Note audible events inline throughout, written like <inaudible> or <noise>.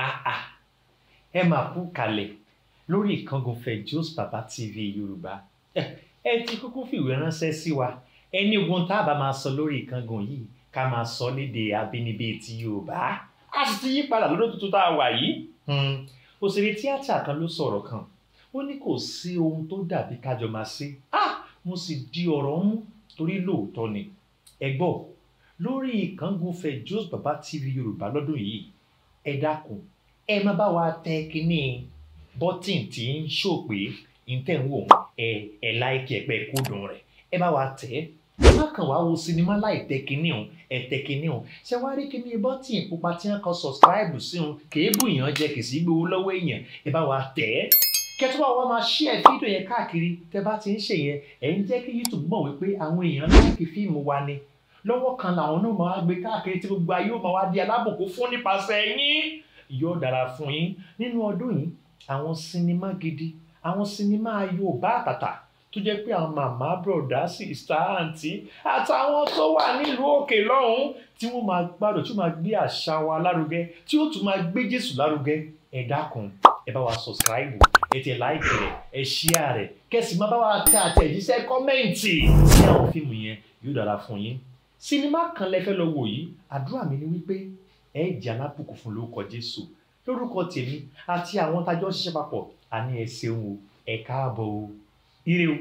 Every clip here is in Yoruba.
àà ah, ah. ẹ máa kú kalẹ̀ lórí ìkángun Fejosbaba bàbá TV Yorùbá ẹ ti kúkú fìwé ránṣẹ́ sí wa ẹni ogun tá a bá máa sọ lórí ìkángun yìí ká máa sọ léde abínibí ti Yorùbá a sì ti yí padà lọ́dún tuntun tá a wà yìí hmm. òṣèré tíátà kan ló sọ̀rọ̀ kan ó ní kò sí ohun tó dàbí kájọ máa ṣe ah mo sì di ọ̀rọ̀ mú torí lóòótọ́ ni ẹ gbọ́ lórí ìkángun Fejosbaba TV Yorùbá lọ́dún yìí ẹ dákun ẹ má bá wa tẹ kínní bọ́tìn tí ń ṣò pé ìtẹ̀ ń wò ẹ ẹ láìkí ẹ̀pẹ́ kódùn rẹ̀ ẹ bá wa tẹ̀ ẹ́ má kàn wá wo sinimá láì tẹ kínní o ẹ tẹ kínní o ṣé wàá rí kínní bọ́tìn pupa tí wọ́n kan subscribe sí o kéébù yàn jẹ kìsì gbowó lọ́wọ́ èèyàn ẹ bá wa tẹ̀ ẹ́ kẹtùbà wa máa ṣí ẹ fídíò yẹn káàkiri tẹ bá ti ń ṣe yẹn ẹ ń jẹ́ kí YouTube mọ̀ wípé àwọn èèyàn láìkí fíìmù wa ni lọ́wọ́ kan làwọn náà máa gbé káàkiri tí gbogbo ayé ó máa wá di alábòkú fún nípasẹ̀ yín yóò dára fún yín nínú ọdún yìí àwọn sinimá gidi àwọn sinimá Yorùbá àtàtà tó jẹ́ pé àwọn màmá bùrọ̀dá sí ìsta àǹtí àtàwọn tó wà nílùú òkè lọ́hùn tí wọ́n máa gbádùn tí wọ́n máa gbé àṣà wa lárugẹ tí ó tún máa gbé Jésù lárugẹ ẹ dákun ẹ bá wa sọ̀sìkáìbù ẹ tẹ̀ láìkì rẹ̀ ẹ ṣíà rẹ̀ kẹ́sì má bá wa tẹ àtẹ̀jíṣẹ́ kọ́mẹ́ǹtì sí àwọn fíìmù yẹn yóò dára fún yín sinimá kan lẹ fẹ́ lọ wò yìí àdúrà mi ni wípé ẹ jẹ́ alábùkún fún lórúkọ Jésù lórúkọ tèmi àti àwọn tájọ ń ṣiṣẹ́ àní ẹ ṣeun o ẹ káàbọ̀ o ire o.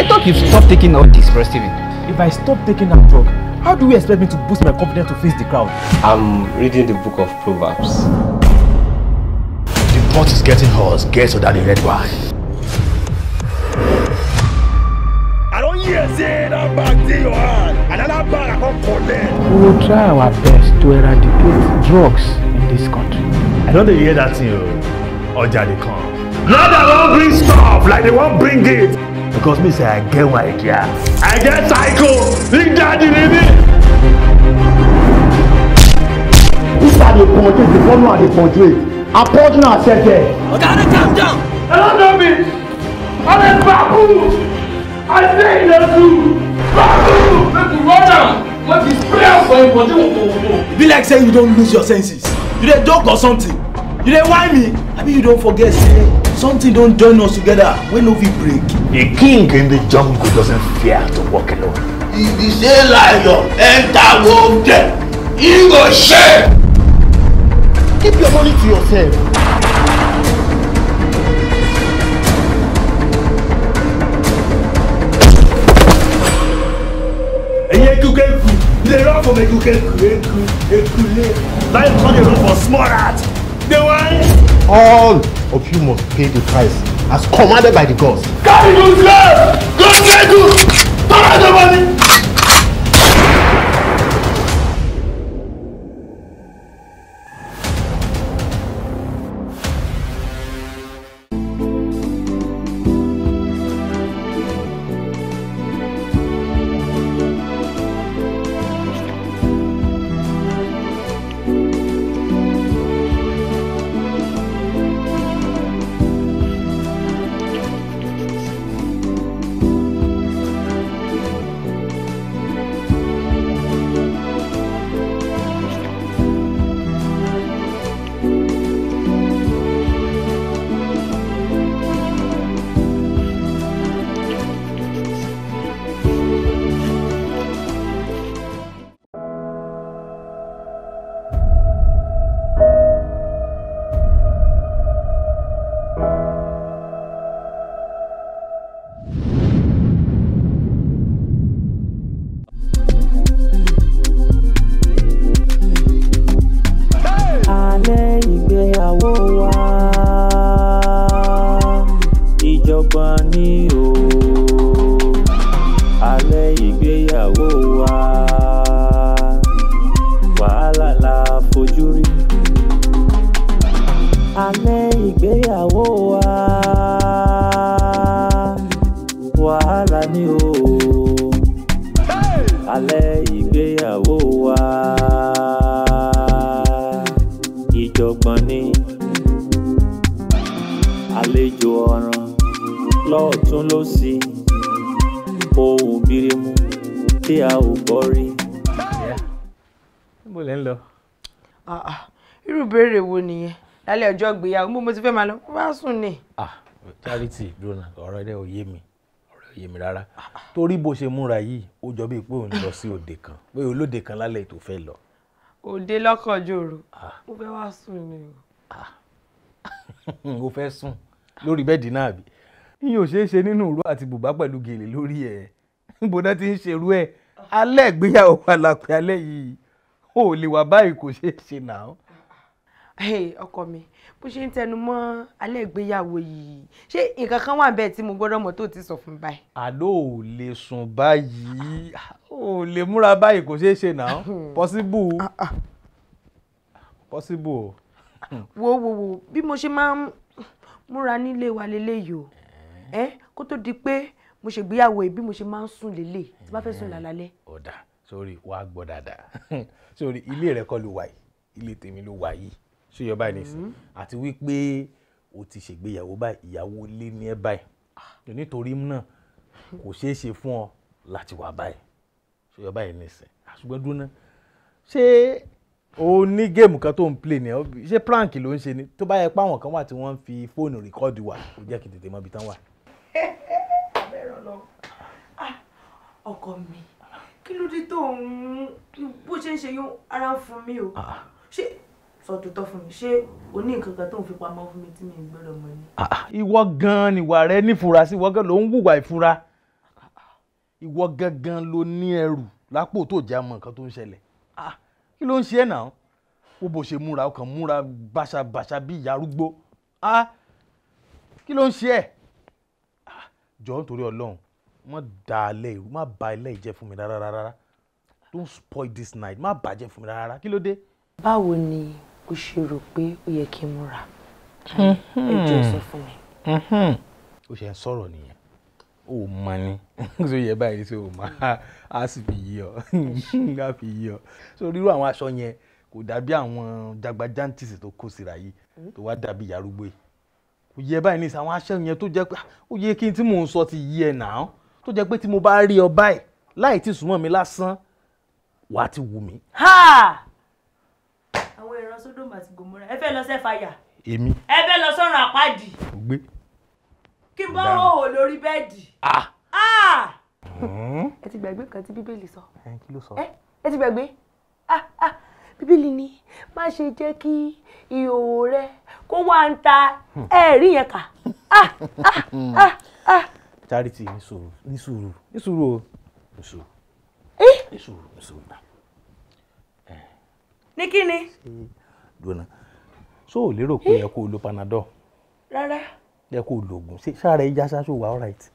I thought you stop taking all this breast TV. If I stop taking that drug, how do you expect me to boost my confidence to face the crowd? I'm reading the book of Proverbs. The pot is getting hot, get under the red wine. We will try our best to eradicate drugs in this country. I don't hear that thing, or Jade come. Not that won't bring stuff, like they won't bring it. Because me say, I get one idea. I get psycho. Big daddy, baby. These are the punches, the one are the punches. I'm punching ourselves there. Okay, calm down. I don't know me. I'm a baboon. Adé Yesu! Báwo make you run am? Wọ́n ti spray am for im body wowowo. Be like say you don't lose your senses. You dey joke or something? You dey whine me? I mean you don't forget say something don join us together when no fit break. A king in the jungle doesn't fear to walk alone. If the same lion enter wolf den, he go shame. Keep your money to yourself. to make you eku eku ekule now you come dey run for small art. The one, all of you must pay the price as commanded by the gods. carry you slave go take you turn out your money. àjọ gbéyàwó mo mo ti fẹ́ máa lọ mo bá sùn ni. Ah, charity dona ọ̀rọ̀ ẹ̀dẹ̀ ò yé mi ọ̀rọ̀ ò yé mi rárá torí bó ṣe múra yìí ó jọ bíi pé òun lọ sí òde kan pé olóde kan lálẹ́ tó fẹ́ lọ. òde lọ́kànjòrò ah. mo fẹ́ wá sùn ni o. Ah. <laughs> o fẹ́ sùn lórí bẹ́ẹ̀dì náà bí yín ò ṣeé ṣe nínú òru àti bùbá pẹ̀lú gèlè lórí ẹ̀ níbo <laughs> náà ti ń ṣerú ẹ̀ alẹ́ ìgbéyàwó àlàpẹ́ alẹ́ yìí o ò lè wà báyìí kò ṣeé ṣe náà. ọkọ mi bó ṣe ń tẹnu mọ́ alẹ́ ìgbéyàwó yìí ṣé nǹkan kan wà bẹ́ẹ̀ tí mo gbọ́dọ̀ mọ̀ tó ti sọ fún báyìí. àló ò lè sùn báyìí ò lè múra báyìí kò ṣeé ṣe náà pọ́síbù ah, ah. pọ́síbù o. wo wo wo bí mo ṣe máa ń múra nílé wa leléyìí o eh. ẹ kó tó di pé mo ṣègbéyàwó yìí bí mo ṣe máa ń sùn lélẹ̀ tí bá fẹ́ sùn lálálẹ́. Eh, ọ̀dà sórí wàá gbọ́ dáadáa sórí <laughs> ilé rẹ̀ kọ́ ló wà yìí ilé tèmi ló wà yìí ṣé yọ báyìí nìsín mm-hmm. àti wípé o ti ṣègbéyàwó báyìí ìyàwó lé ní ẹ báyìí ah. nítorí náà kò ṣeé ṣe fún ọ láti wà báyìí ṣé yọ báyìí nìsín àṣùgbọ́n dúró náà ṣé o ní géèmù kan tó ń play ni ṣé prank ló ń ṣe ni tó bá yẹ pé àwọn kan wà tí wọ́n ń fi fóònù rìkọ́ọ̀dù wà kò jẹ́ kí n tètè mọ ibi tán wà. abẹ́rẹ́ ah, ọkọ mi kí ló dé tó ń bó ṣe ń ṣe yún ara fún mi o ah, ṣé sọ tòótọ́ fún mi ṣé o ní nǹkan kan tó ń fi pamọ́ fún mi tí mi ò gbọ́dọ̀ mọ̀ ni. Ah, ah, ìwọ gan-an nìwà rẹ nífura sí ìwọ gan ló ń hùwà ìfura ìwọ gangan ló ní ẹrù lápò tó jẹ́ àmọ́ nǹkan tó ń ṣẹlẹ̀ ah, kí ló ń ṣe ẹ̀ náà ó bó ṣe múra ọkàn múra báṣabàṣa bí ìyá kí ló ń ṣe ẹ̀ jọ̀ọ́ nítorí ọlọ́run má da alẹ́ ìrú má ba ilé ìjẹ́ fún mi rárá rárá don't spoil this night má bàjẹ́ fún mi rárá kí ló dé. báwo ni bó ṣe rò pé ó yẹ kí n múra hmm. ẹjọ́ sọ fún mi. Hmm. ó ṣe ń sọ̀rọ̀ nìyẹn ó mọ ni tó yẹ báyìí tó o máa á sì fi yí ọ á fi yí ọ so rírú àwọn aṣọ yẹn kò dàbí àwọn jagbajantis tó kó síra yìí tó wá dàbí yarúgbó yìí kò yẹ báyìí ní sàwọn aṣọ yẹn tó jẹ pé ó yẹ kí n tí mò ń sọ ti yí ẹ nàá tó jẹ pé tí mo bá rí ọ báyìí láì tí súnmọ́ mi lásán wàá ti wù mí. ha sódòmù àti gòmórà ẹ fẹ́ lọ sẹ́fàyà. èmi. ẹ fẹ́ lọ sọ́run àpáàdì. ó gbé. kí n bọ́ òhò lórí bẹ́ẹ̀dì. Hmm? ẹ ti gbàgbé kan tí bíbélì sọ. kí ló sọ. ẹ ti gbàgbé bíbélì ni má ṣe jẹ́ kí ìhòòhò rẹ kó wá ń ta ẹ̀rí yẹn kà. charity nisuru nisuru nisuru sùúrù ní sùúrù o ní sùúrù ní sùúrù ní kí ni gbóná so ò lérò pé eh? ẹ kó o lo panadol. rárá. ẹ kó o lo oògùn ṣé sára ẹ já sáṣọ wà all right.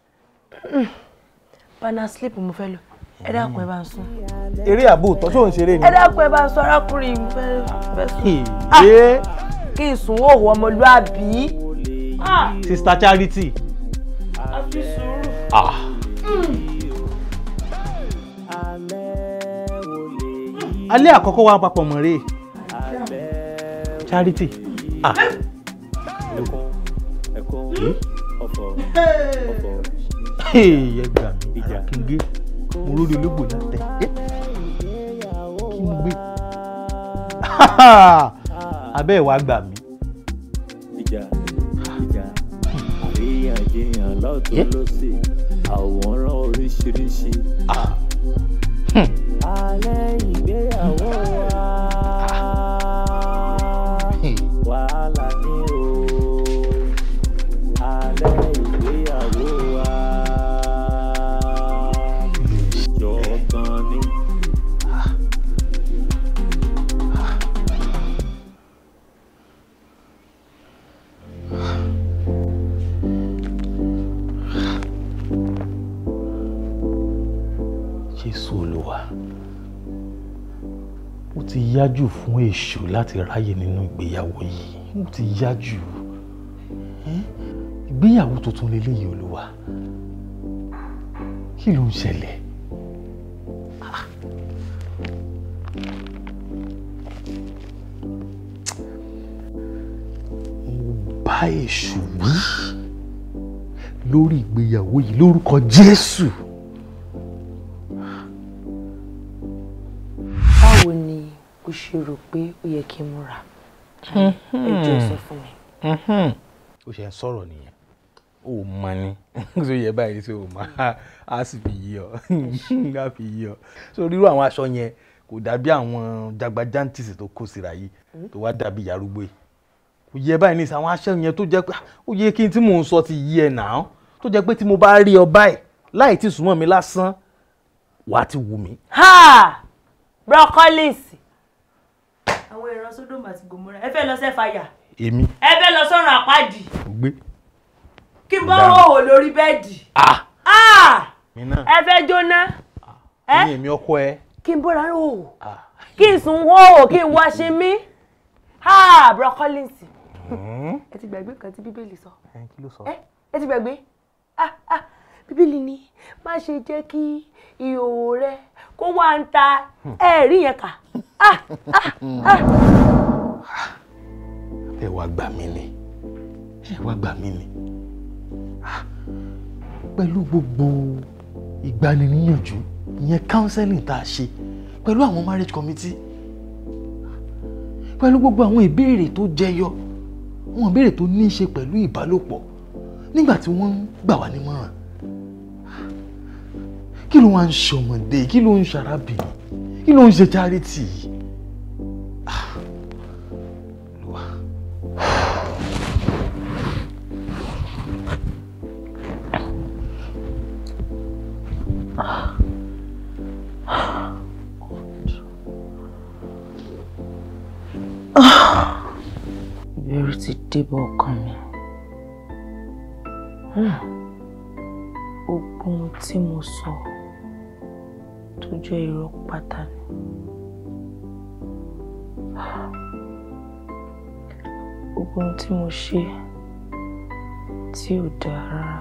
panasleep mo fẹ́ lò ẹ mm. dákun ẹ bá ń sùn. eré àbò tọ́sọ̀ ń ṣeré ni. ẹ dákun ẹ bá ń sùn arákùnrin mi fẹ́ sùn. Ah! Eh? kí n sùn òwò ọmọlúàbí. Ah! sista charity. a fi sùúrù. ah. Mm. alẹ́ àkọ́kọ́ wa papọ̀ mọ́ rèé charity. Ah. hey, gbà mí ìjà kí n gé mo lórí olóògbé náà tẹ kí n gbé <laughs> abẹ́ ẹ̀ wá gbà mí. ìjà ìjà àríyànjiyàn lọ́tún lọ́sì àwòrán oríṣiríṣi. Ah. Hmm. alẹ́ ìgbéyàwó wa. wàhálà ní o alẹ́ ìgbéyàwó wa jọ gan yájú fún èṣù láti ráyè nínú ìgbéyàwó yìí ó ti yá jù ìgbéyàwó tuntun lélẹ́yìí olúwa kí ló ń ṣẹlẹ̀. bá èṣù wí lórí ìgbéyàwó yìí lórúkọ Jésù. báwo ni o ṣe rò pé ó yẹ kí n múra ẹjọ́ sọ fún mi. Mm-hmm. ó ṣe ń sọ̀rọ̀ nìyẹn ó mọ ni so <laughs> yẹ báyìí so máa á sì fi yí ọ á <laughs> fi yí ọ so rírú àwọn aṣọ yẹn kò dàbí àwọn jagbajantis tó kó síra yìí tó wá dàbí yarúgbó yìí kò yẹ báyìí ní sọ àwọn aṣọ yẹn tó jẹ pé ah, ó yẹ kí n tí mò ń sọ ti yí ẹ nàá tó jẹ pé tí mo bá rí ọ báyìí láì tí súnmọ́ mi lásán wàá ti wù mí. ha broccolis àwọn ìran sódòmù àti gòmórà ẹ fẹ́ lọ sẹ́fàyà. èmi. ẹ fẹ́ lọ sọ́run àpáàdì. gbé. kí n bọ́ òhò lórí bẹ́ẹ̀dì. ẹ fẹ́ jóná. ní èmi ọkọ ẹ. kí n bọ́ra òhò kí n sùn òhò kí n wá ṣe mí. bro collins hmm? ẹ ti gbàgbé kan tí bíbélì sọ. ẹ ti gbàgbé bíbélì ni má ṣe jẹ́ kí ìhòòhò rẹ kó wá ń ta ẹ̀rí yẹn kà. Ah, ah, ah. ẹ wá gbà mí ni ẹ wá gbà mí ni pẹ̀lú gbogbo ìgbaniníyànjú ìyẹn counseling tá a ṣe pẹ̀lú àwọn marriage committee pẹ̀lú gbogbo àwọn ìbéèrè tó jẹyọ àwọn ìbéèrè tó ní í ṣe pẹ̀lú ìbálòpọ̀ nígbà tí wọ́n ń gbà wá nímọ̀ràn kí ló wá ń ṣe ọmọdé kí ló ń ṣe arábìnrin kí ló ń ṣe charity yìí. Ah. Ìbẹ̀rù ti débọ̀ ọkàn mi. Hmm. Ogun tí mo sọ. So tún jẹ́ irọ́ pátá ni. gbogbo ohun tí mo ṣe tí ò dáa rárá.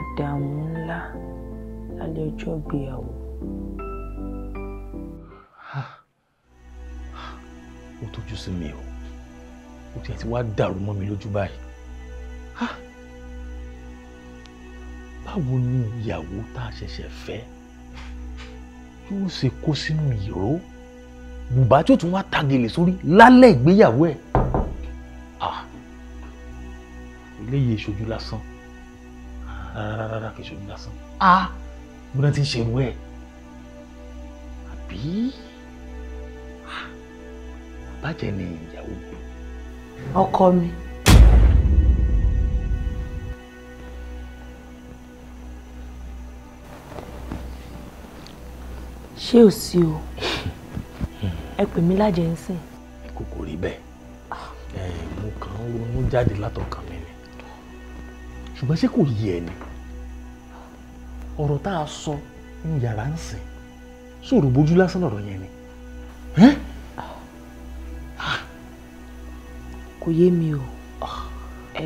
ìdààmú ńlá lálẹ́ ọjọ́ ìgbéyàwó. ó tójú sí mi o ó tiẹ̀ ti wá dàrú mọ́ mi lójú báyìí. báwo ni ìyàwó tá a ṣẹ̀ṣẹ̀ fẹ́ yóò ṣe kó sínú ìró bùbá tí ó tún wá tagele sórí lálẹ́ ìgbéyàwó ẹ̀ eléyìí ìṣojú lásán rárá kì í ṣojú lásán gbọ́dọ̀ ti ń ṣerú ẹ̀ àbí bàjẹ́ ni ìyàwó. ọkọ mi. ṣé ò sí o ẹ pè mí lájẹ ń sìn. kò kò rí bẹ́ẹ̀ mo kàn ń ronú jáde látọkàn mi ni ṣùgbọ́n ṣé kò yé ẹ ni ọ̀rọ̀ tá a sọ ní yàrá ń sìn sọ̀rọ̀ bójú lásán lọ̀rọ̀ yẹn ni. Ah. kò yé mi o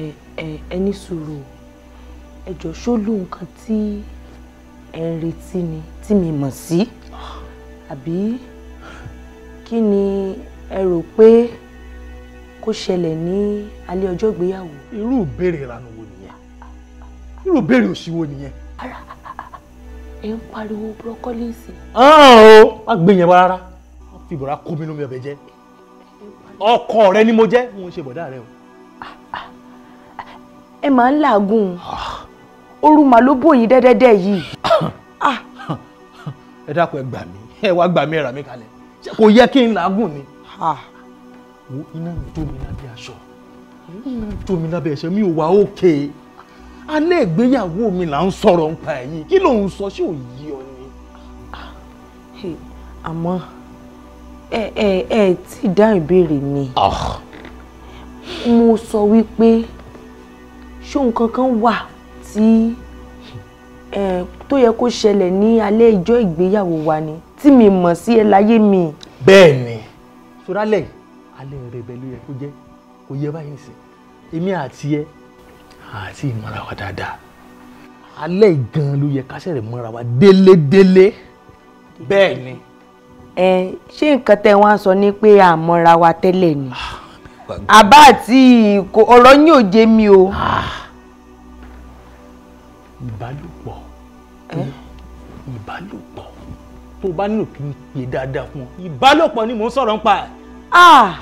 ẹ ẹ ẹ ní sùúrù ẹ jọ ṣó lù nǹkan tí ẹ retí ni tí mi mọ̀ sí. Si? àbí kí ni ẹ rò pé kó ṣẹlẹ̀ ní alẹ́ ọjọ́ ìgbéyàwó. irú ìbéèrè ìlànà wo nìyẹn irú ìbéèrè òṣì wo nìyẹn. ara ẹ ń pariwo brọkọlíìsì. ọ̀hún ah, o má gbé yẹn wá rárá wọ́n fi ìbọ̀rá kó mi nú mi ọbẹ̀ jẹ́ ọkọ rẹ ni mo jẹ́ mo ń ṣe bọ̀dá rẹ o. ẹ máa ń làágùn ooru màá ló bòyí dẹ́dẹ́dẹ́ yìí ẹ dákun ẹ gbà mí ẹ wá gbà mí ẹ rà mí kalẹ̀ ṣé kò yẹ kí n làágùn ni. wo iná mi jó mi lábẹ́ aṣọ iná mi jó mi lábẹ́ aṣọ mi ò wá òkè alẹ́ ìgbéyàwó mi là ń sọ̀rọ̀ nípa ẹ̀yìn kí ló ń sọ ṣé ò ọ ni. àmọ́ ẹ ẹ ẹ tí dá ìbéèrè mi ah. mo sọ wípé ṣó nǹkan kan wà tí tó yẹ kó ṣẹlẹ̀ ní alẹ́ ìjọ ìgbéyàwó wa ni tí mi mọ̀ sí ẹ láyé mi. bẹ́ẹ̀ ni soralẹ̀ alẹ́ rẹ̀ bẹ́ẹ̀ ló yẹ kó jẹ́ kó yẹ báyìí sí èmi àti ẹ àti ìmọ̀ra wa dáadáa alẹ́ gan ló yẹ kásẹ̀ rẹ̀ mọ́ra wa délédélé bẹ́ẹ̀ ni. ẹ ṣé nǹkan tẹ wá sọ ni pé a wa tẹ́lẹ̀ ni ah, àbá àti ọ̀rọ̀ yín ò mi o. Ah. ìbálòpọ̀ ìbálòpọ̀ tó bá nílò kí n pè dáadáa fún ọ ìbálòpọ̀ ni mò ń sọ̀rọ̀ ń ẹ̀.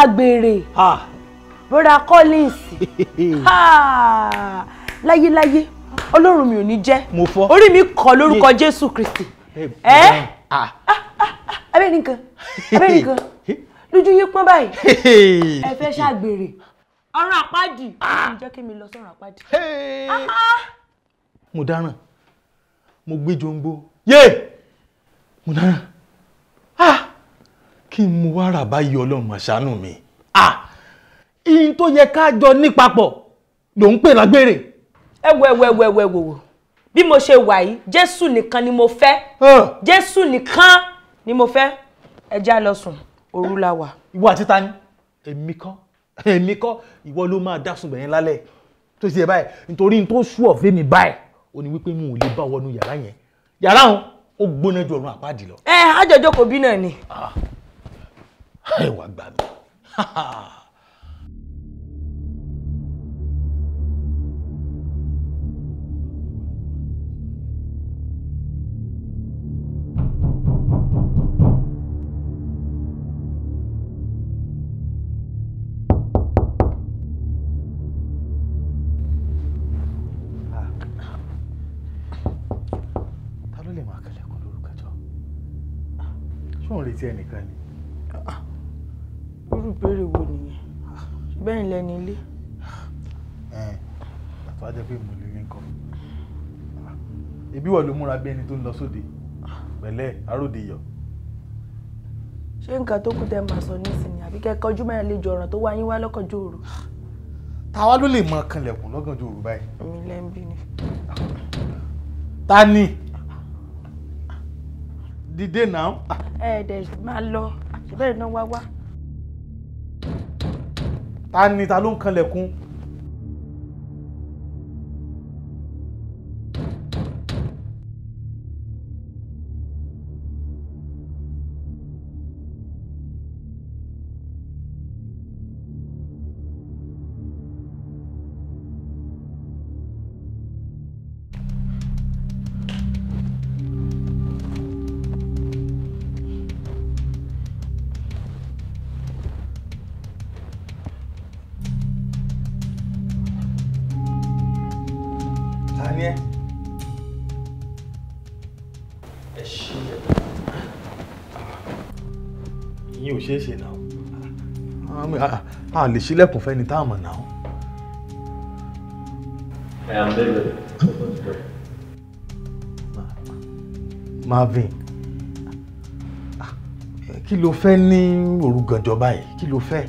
àgbèrè bọ́dà collins <laughs> láyéláyé ọlọ́run mi ò ní jẹ́ orí mi kọ́ lórúkọ jésù kristi ẹ́ ah, ah. ah, abẹ́rẹ́ nìkan <laughs> abẹ́rẹ́ nìkan lójú yín pọ́n báyìí ẹ fẹ́ ṣàgbèrè ọ̀rọ̀ àpáàdì ẹ jẹ́ kí mi lọ sọ̀rọ̀ àpáàdì. mo dáràn mo gbé jòǹgbò yé mo dáràn ah kí n mo wá rà báyìí ọlọ́run mà mi ah ihun tó yẹ ká jọ nípapọ̀ ló ń pè lágbèrè. ẹ wẹ wẹ wẹ wẹ wo: bí mo ṣe wà yìí jésù nìkan ni mo fẹ́ jésù nìkan ni mo fẹ́ ẹ já lọ sùn òru la wà. ìwọ àti ta ni èmi kọ́ èmi kọ́ ìwọ ló máa dá sùn bẹ̀yẹn lálẹ́ tó ṣe báyìí nítorí n tó sú ọ̀fẹ́ mi báyìí ó ní wípé mi ò lè bá wọnú yàrá yẹn yàrá wọn ó gbóná ju ọ̀run àpáàdì lọ. ẹ eh, àjọjọ kò bí náà ni. Ah, ẹ wàá gbà mí ti ẹnìkan ni. Ah, ah. irú ìbéèrè wo nìyẹn ah, bẹ́ẹ̀ lẹni ilé. bàtà wá jẹ́ pé mo lè rí nǹkan ibi wọ̀ ló múra bí ẹni tó ń lọ sóde pẹ̀lẹ́ àròdè yọ̀. ṣé nǹkan tó kù tẹ́ máa sọ nísìnyí àbí kẹ́kọ̀ọ́ ojú mẹ́rin lè jọ ọ̀ràn tó wá wá lọ́kànjọ́ òru. táwa ló lè mọ kanlẹ̀kùn lọ́gànjọ́ òru báyìí. èmi lẹ́ ń bí ni. ta ni. dìde náà. now. Eh, there's lọ ṣùgbọ́n ìnáwó wá wá. what. ni ta ló ń kanlẹ̀kùn a lè ṣílẹ̀kùn fẹ́ni tá a mọ̀ náà. I am David. Marvin kí ló fẹ́ ní òru gànjọ́ báyìí kí ló fẹ́.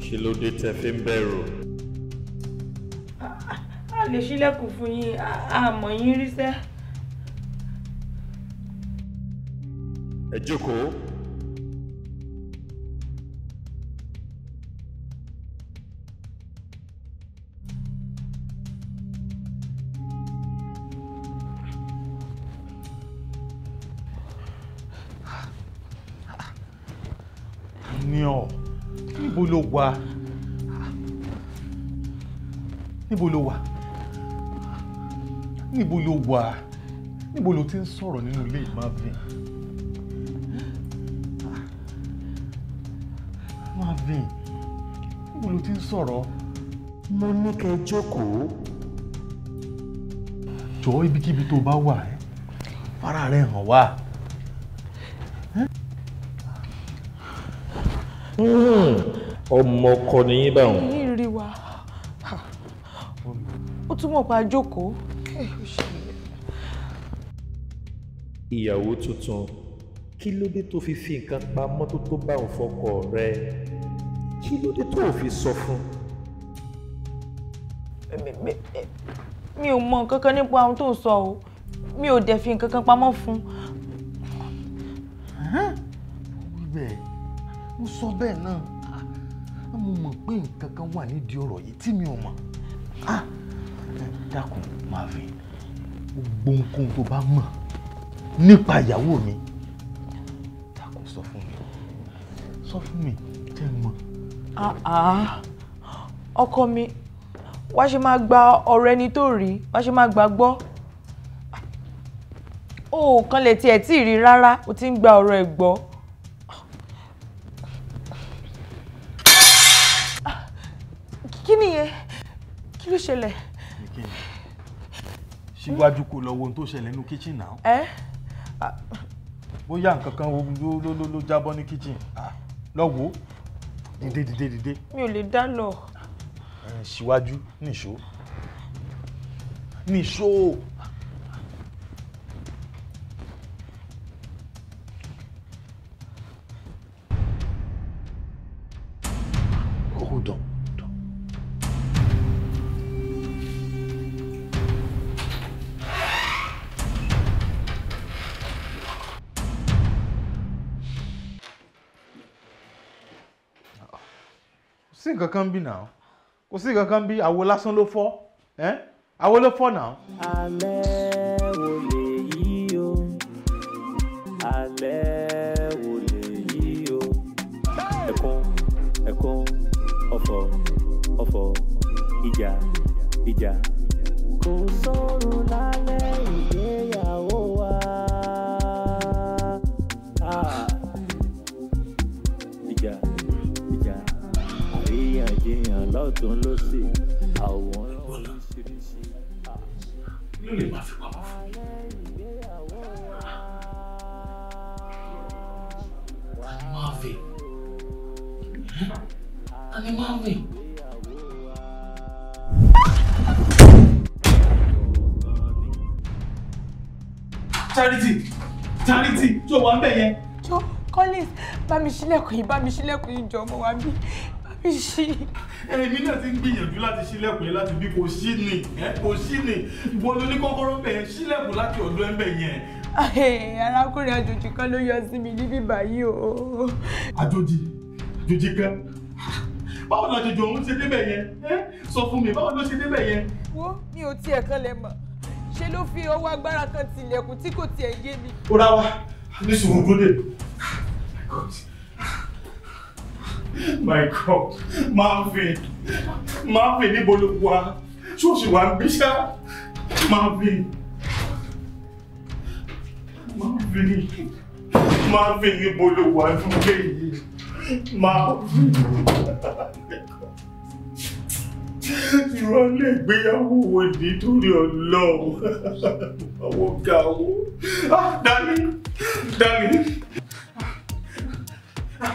kí ló dé tẹ fi ń bẹ̀rù. a lè ṣílẹ̀kùn fún yín àmọ́ yín rí ẹ jókòó. wá níbo ló ti ń sọ̀rọ̀ nínú ilé Marvin. Marvin níbo ló ti ń sọ̀rọ̀. mo ní kẹ́ ẹ jókòó. jọ̀ọ́ ibikíbi tó bá wà ẹ́ fara rẹ̀ hàn wá. Hmm, ọmọ ọkọ nìyí báwọn. èyí ó túmọ̀ pa jókòó. ìyàwó tuntun kí ló dé tó fi fi nǹkan pamọ́ tó tó bá òun fọkọ rẹ kí ló dé tó o fi sọ fún. mi ò mọ nǹkan kan nípa ohun tó sọ o mi ò dẹ̀ fi nǹkan kan pamọ́ fún. bẹ́ẹ̀ mo sọ bẹ́ẹ̀ náà mo mọ̀ pé nǹkan kan wà nídìí ọ̀rọ̀ yìí tí mi ò mọ̀ dákun Marvin gbogbo ohunkóhun tó bá mọ̀ nípa ìyàwó mi tako sọ fún mi sọ fún mi tẹ́ mọ̀. Ah, ah. ọkọ mi wá ṣe máa gba ọ̀rọ̀ ẹni tó rí wá ṣe máa gbà gbọ́ o ò kanlẹ̀ tiẹ̀ tí ì rí rárá o ti ń gba ọ̀rọ̀ ẹ̀ gbọ́. kí nìyẹn kí ló ṣẹlẹ̀. síwájú kò lọ wo ohun tó ṣẹlẹ̀ nínú kíchìn náà. Ah. bóyá nǹkan kan ló ló ló jábọ́ ní kitchen ah. lọ wò ó dìde dìde dìde. mi ò lè dá lọ. Ah. síwájú nìṣó nìṣó. nǹkan kan bí náà kò sí nǹkan kan bí àwo lásán ló fọ́ àwo ló fọ́ náà. alẹ́ wo lè yí o alẹ́ wo lè yí o ẹkún ẹkún ọ̀fọ̀ ọ̀fọ̀ ìjà ìjà. kò sórun lálẹ́ ìgbéyàwó. lọ́tún lọ́sì àwòrán oríṣiríṣi. kí ló lè máa fi pamọ́ fún mi. Marvin. Hm? Ani Marvin. Charity! Charity! Jọ̀wọ́ ń bẹ̀ yẹn. Jọ Collins, bá mi ṣílẹ̀kùn yìí, bá mi ṣílẹ̀kùn yìí jọ ọmọ wa bí èmi náà ti ń gbìyànjú láti ṣílẹ̀kùn yẹn láti bí kò sí ni kò sí ni ìwọ ló ní kọ́kọ́rọ́ bẹ̀yẹn ṣílẹ̀kùn láti ọ̀dọ̀ ẹ̀ bẹ̀yẹn arákùnrin àjòjì kan ló yọ sí mi níbí báyìí o. àjòjì àjòjì kan báwo la àjòjì ọ̀hún ṣe débẹ̀ yẹn sọ fún mi báwo ló ṣe débẹ̀ yẹn. wo mi ò tiẹ̀ kan lẹ mọ̀ ṣe ló fi ọwọ́ agbára kan tilẹ̀kùn tí kò tiẹ̀ yé mi. ó ra wa ní sùúrù dúró dé. My God, Marvin, Marvin níbo ló wà? Ṣọ́ọ̀ṣì wà ń bí ṣá? Marvin, Marvin, Marvin níbo ló wà ń gbé yìí? Marvin, ìrọ̀lẹ́ ìgbéyàwó wo nítorí ọlọ́run? Àwọn ọ̀gá wo? Dálí, ah, Dálí. Ah,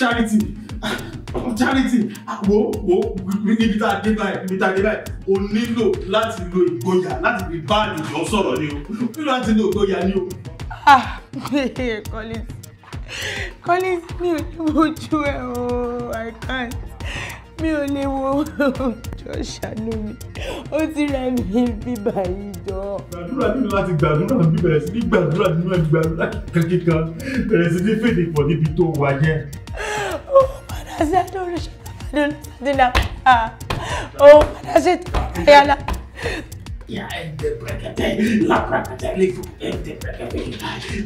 Charity charity ah, wo wo níbi tá a dé báyìí níbi tá a dé báyìí o nílò láti lo ìgboyà láti fi bá àlùjọ sọ̀rọ̀ ni o nílò láti lo ìgboyà ni o. Ah, Collins Collins mi ò lè wojú ẹ o I can't mi ò lè wo jọ ṣàánú mi ó ti rẹ mi bíbá yìí jọ. gbàdúrà nínú láti gbàdúrà bí bẹ̀rẹ̀ sí ní gbàdúrà nínú ẹ̀ gbàdúrà kíkan bẹ̀rẹ̀ sí ní fèdè pọ̀ níbi tó wà jẹ́ àṣẹ lórí ṣọlá dínà ó padà sí ayala. Ya ente brekete, la brekete, le fu ente brekete,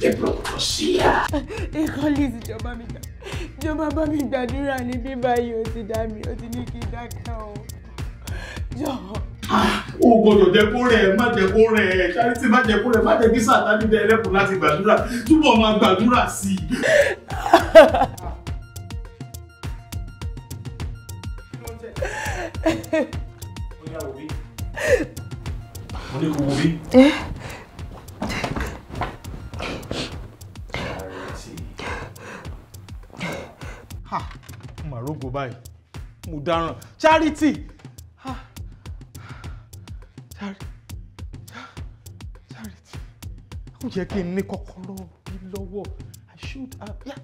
le prokosia. Ikọ̀ lè ṣèjọba mi dá. Ìjọba bá mi gbàdúrà ní bíbá yìí ó ti dá mi, ó ti ní kí n dákẹ́ o. Jọ̀ọ́ ah, o gbọ́dọ̀ jẹ́ kó rẹ̀ má jẹ́ kó rẹ̀ charity má jẹ́ kó rẹ̀ má jẹ́ kí sàtánì dẹ ẹlẹ́kùn láti gbàdúrà túbọ̀ máa gbàdúrà sí i. mo ha mà rógo báyìí charity ha charity charity kò jẹ́ kí n ní i should have yeah.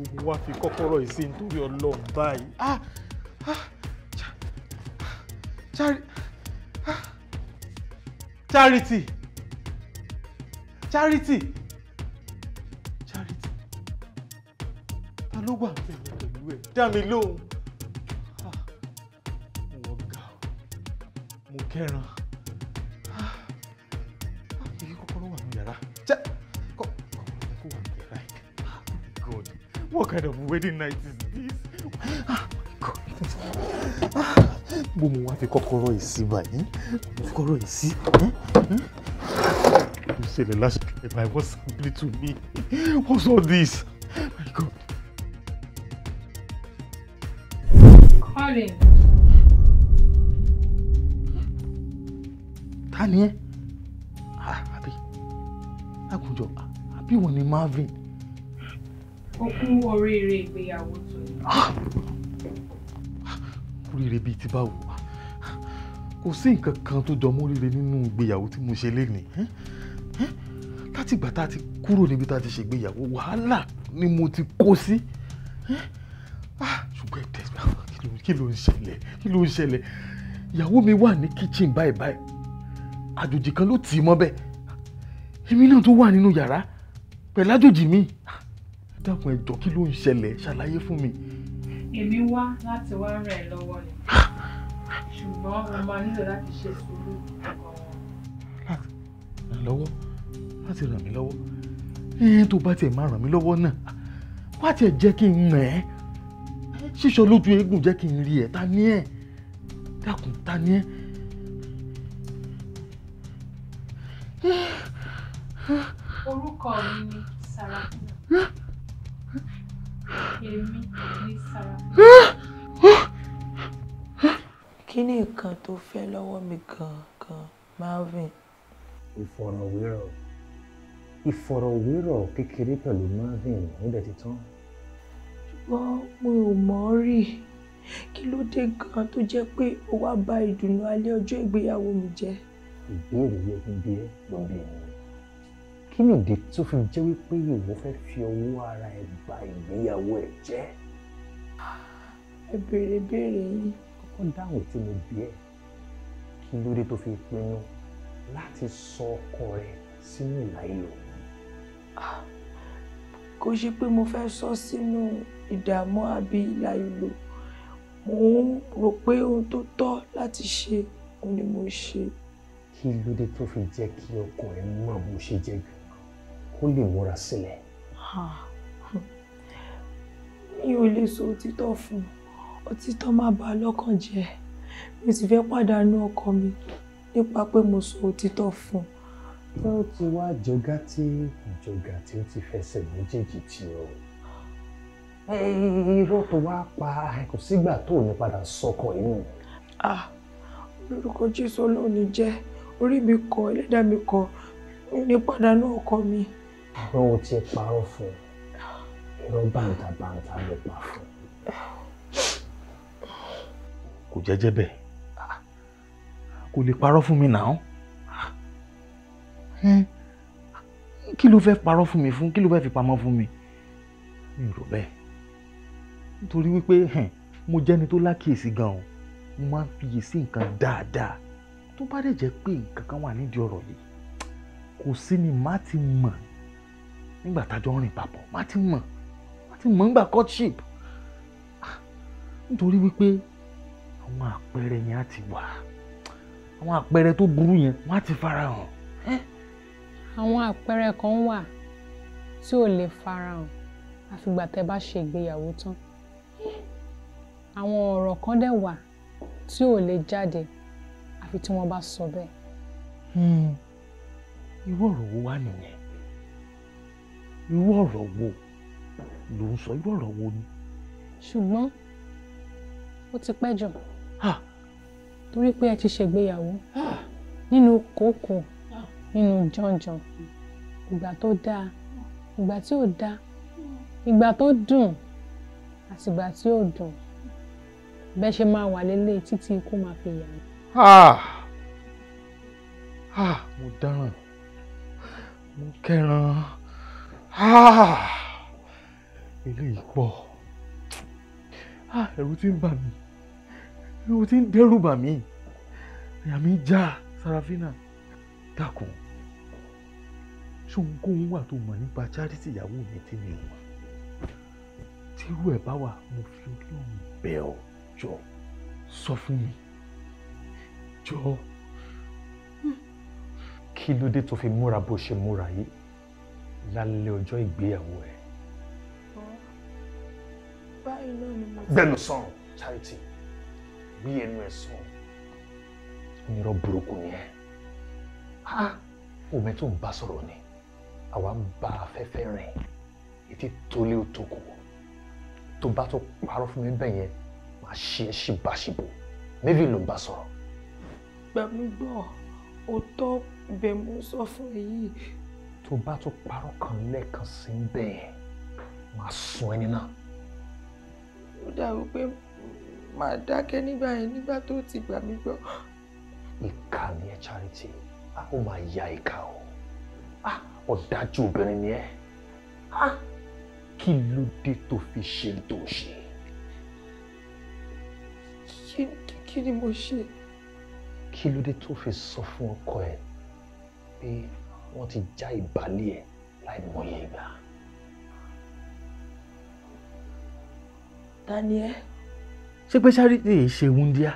gbogbo wa fi kọ́kọ́rọ́ yìí nítorí ọlọ́run báyìí. Ah, ah, ah, charity charity charity ta ló wà bẹ̀rẹ̀ pẹ̀lú ẹ̀ dá mi lóhùn. mo wọ mo kẹran. kind of wedding night is this? Bó ah, mo wá fi kọ́kọ́rọ́ yìí sí báyìí, mo eh? fi kọ́kọ́rọ́ yìí You say the last time I was simply to me. What's all this? My God. Colin. Tanya. Ah, ẹ́? Àbí, Àgùnjọ, àbí wọ́n ni Marvin. Okú oríire ìgbéyàwó tó ní. Oríire bíi ti báwo? Kò sí nǹkan kan tó jọ mọ́ oríire nínú ìgbéyàwó tí mo ṣe lénìí. Láti ìgbà tá a ti kúrò níbi tá a ti ṣègbéyàwó, wàhálà ni mo ti kó sí. Ṣùgbọ́n ẹ̀dẹ̀ kí ló ń ṣẹlẹ̀? Kí ló ń ṣẹlẹ̀? Ìyàwó mi wà ní kíchìn báyìí báyìí. Àjòjì kan ló tì í mọ́ bẹ́ẹ̀. Èmi náà tó wà nínú yàrá pẹ̀lú àjòjì mi dákun ẹjọ kí ló ń ṣẹlẹ̀ ṣàlàyé fún mi. èmi wá láti wá ràn lọ́wọ́ ni ṣùgbọ́n mo máa nílò láti ṣe sùúrù ọkọ wọn. lọ́wọ́ láti ràn mí lọ́wọ́ ẹ̀ẹ́n tó bá tiẹ̀ máa ràn mí lọ́wọ́ náà wá tiẹ̀ jẹ́ kí n mọ̀ ẹ́ ṣíṣọ lójú eégún jẹ́ kí n rí ẹ̀ ta ni ẹ̀ dákun ta ni ẹ̀. orúkọ mi ni Sarah èmi ní sára. kí ni nǹkan tó fẹ́ lọ́wọ́ mi gan-an Marvin. ìfọ̀rọ̀wérọ̀ ìfọ̀rọ̀wérọ̀ kékeré pẹ̀lú Marvin níbẹ̀ ti tán. ṣùgbọ́n mi ò mọ̀ ọ́ rí kí ló dé gan-an tó jẹ́ pé ó wá bà ìdùnnú alẹ́ ọjọ́ ìgbéyàwó mi jẹ́. ìbéèrè yẹ kí n bí ẹ lórí ẹ̀ kí nìdí tó fi jẹ́ wípé ìwọ fẹ́ fi ọwọ́ ara ẹ̀ gba ìgbéyàwó ẹ̀ jẹ́. ẹ béèrè béèrè yín. kọ́kọ́ dáhùn tí mo bí ẹ kí ló tó fi pinnu láti sọ ọkọ rẹ sínú ìlà ìlò. Ah, kò ṣe pé mo fẹ́ sọ sínú ìdààmú àbí ìlà ìlò mo ń rò pé ohun tó tọ́ láti ṣe òun ni mo ṣe. kí ló tó fi jẹ́ kí ọkọ ẹ mọ̀ bó ṣe jẹ́ gan kó lè múra sílẹ̀. mi ò lè sọ òtítọ́ fún òtítọ́ má bà lọ́kàn jẹ́ mi sì fẹ́ pàdánù ọkọ mi nípa pé mo sọ òtítọ́ fún un tó ti wá jọgá tí ìjọgá tí o ti fẹsẹ̀ méjèèjì tì o irọ́ tó wá pa kò sígbà tó ní padà sọkọ inú. lórúkọ jésù ọlọ́run jẹ́ orí mi kọ ẹlẹ́dàá mi kọ ní pàdánù ọkọ mi àrùn ò ti parọ́ fún irọ́ bàǹtàbàǹtà ló pa fún. kò jẹ́jẹ́ bẹ́ẹ̀ kò lè parọ́ fún mi náà hmm. kí ló fẹ́ parọ́ fún mi fún kí ló fẹ́ fi pamọ́ fún mi mi ò rò bẹ́ẹ̀ nítorí wípé hmm, mo jẹ́ni tó lákìyèsí gan-an mo máa ń fiyèsí nǹkan dáadáa tó bá dẹ̀ jẹ́ pé nǹkan kan wà nídìí ọ̀rọ̀ yìí kò sí ni má ti nígbà tájọ ń rìn papọ̀ má ti mọ̀ má ti mọ̀ nígbà courtship ah, nítorí wípé àwọn àpẹẹrẹ yẹn á ti wà àwọn àpẹẹrẹ tó burú yẹn wọ́n á ti farahàn. àwọn àpẹẹrẹ kan wà tí ò lè farahàn àfìgbà tẹ́ bá ṣe ìgbéyàwó tán àwọn ọ̀rọ̀ kan dẹ̀ wà tí ò lè jáde àfi tí wọ́n bá sọ bẹ́ẹ̀. Hmm, irú ọ̀rọ̀ wo wà nìyẹn irú ọ̀rọ̀ wo ló ń sọ irú ọ̀rọ̀ wo ni. ṣùgbọ́n ó ti pẹ́ jù torí pé ẹ ti ṣègbéyàwó nínú kòókò nínú jọ̀njọ̀n ìgbà tó dáa ìgbà tí ò dáa ìgbà tó dùn àti ìgbà tí ò dùn bẹ́ẹ̀ ṣe máa wà lélẹ̀ títí ikú máa fi yà á. Ah! Ah! mo dáràn mo kẹran eléyìí ah, pọ̀ ah, ẹ̀rù ti ń bà mí ẹ̀rù ti ń dẹ́rù bà mí àyà mi já Sarafina dákun ṣé ohunkóhun wà tó mọ̀ nípa charity ìyàwó mi tí mi ò mọ̀ tírú ẹ̀ bá wà mo fi Ọlọ́run bẹ̀ ọ́ jọ sọ fún mi jọ kí ló dé tó fi múra bó ṣe múra yìí lálẹ́ ọjọ́ ìgbéyàwó ẹ̀. báyìí náà ni mo. gbẹnu sàn charity bí ẹnu ẹ sàn onírọ́ burúkú ni ẹ omi tó ń bá sọ̀rọ̀ ni àwa ń bá afẹ́fẹ́ rìn etí tólé òtòkò tó bá tó parọ́ fún mi bẹ́ẹ̀ yẹn máa ṣe é ṣìbáṣìbò méjì ló ń bá sọ̀rọ̀. gbà mí gbọ́ òótọ́ sọ fún ẹ yìí tó bá tún parọ́ kan lẹ́ẹ̀kan sí ń bẹ́ẹ̀ máa sun ẹni náà. ó dàrú pé màá dákẹ́ nígbà yẹn nígbà tó ti gbà mí gbọ́. ìkà ni ẹ Charity a ó máa ya ìkà o ọ̀dájú obìnrin ni ẹ kí ló dé tó fi ṣe tó ṣe. kí ni mo ṣe. kí ló dé tó fi sọ fún ọkọ ẹ pé wọ́n ti já ìbálẹ̀ ẹ̀ láì mọye ìgbà. Daniel. ṣé pé sáré lè ṣe wúndíá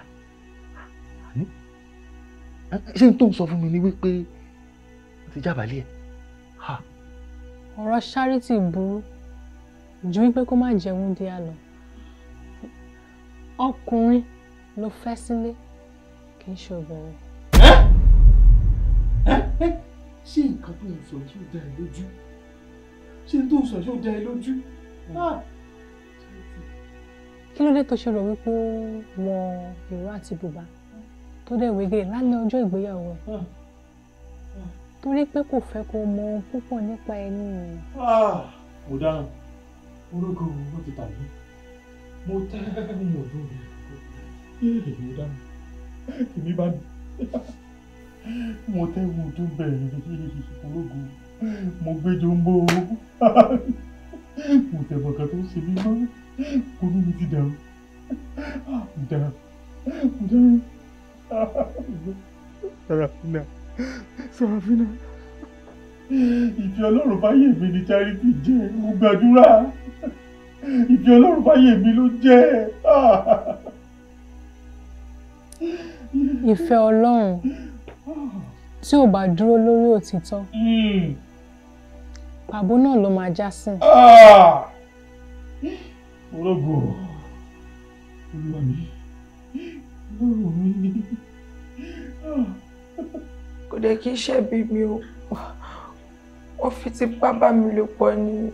ṣé n tó ń sọ fún mi ni wípé wọ́n ti já ìbálẹ̀ ẹ̀. ọ̀rọ̀ Charity burú ju wípé kó má jẹ wúndíá lọ ọkùnrin ló fẹ́ sílé kì í ṣe obìnrin ṣé nǹkan tó ń sọ yìí ó dá ẹ lójú ṣé n tó ń sọ yìí ó dá ẹ lójú. Hmm. Ah! kí ló dé tó ṣe rò wípé ó wọ ìró àti bùbá tó dẹ̀ wégele lálẹ́ ọjọ́ ìgbéyàwó ẹ̀ hmm. torí pé kò fẹ́ kó mọ púpọ̀ nípa ẹni rẹ̀. Ah! mo dáhùn orúkọ mo ti tà mo tẹ́ ẹ́ mo dùn mí èèyàn dáhùn èmi bá mi mo tẹ́gùn tún bẹ̀rẹ̀ ológun mo gbẹ́jọ ń bọ̀ mo tẹ̀gbọ̀n kan tó ń ṣe mí mọ́ olú mi ti dàrú ah, mo dàrú mo dàrú. Sarafina Sarafina ìfẹ́ ọlọ́run bá yè mí ni charity jẹ́ mo gbàdúrà ah. ìfẹ́ ọlọ́run bá yè mí ló jẹ́. ìfẹ́ ọlọ́run tí ò bá dúró lórí òtítọ́ hmm. pàbó náà ló máa já sí. Ah! ológo olúwa mi olúwa mi. kò dé kí iṣẹ́ bí mi o wọ́n fi tipá bá mi lò pọ̀ ni.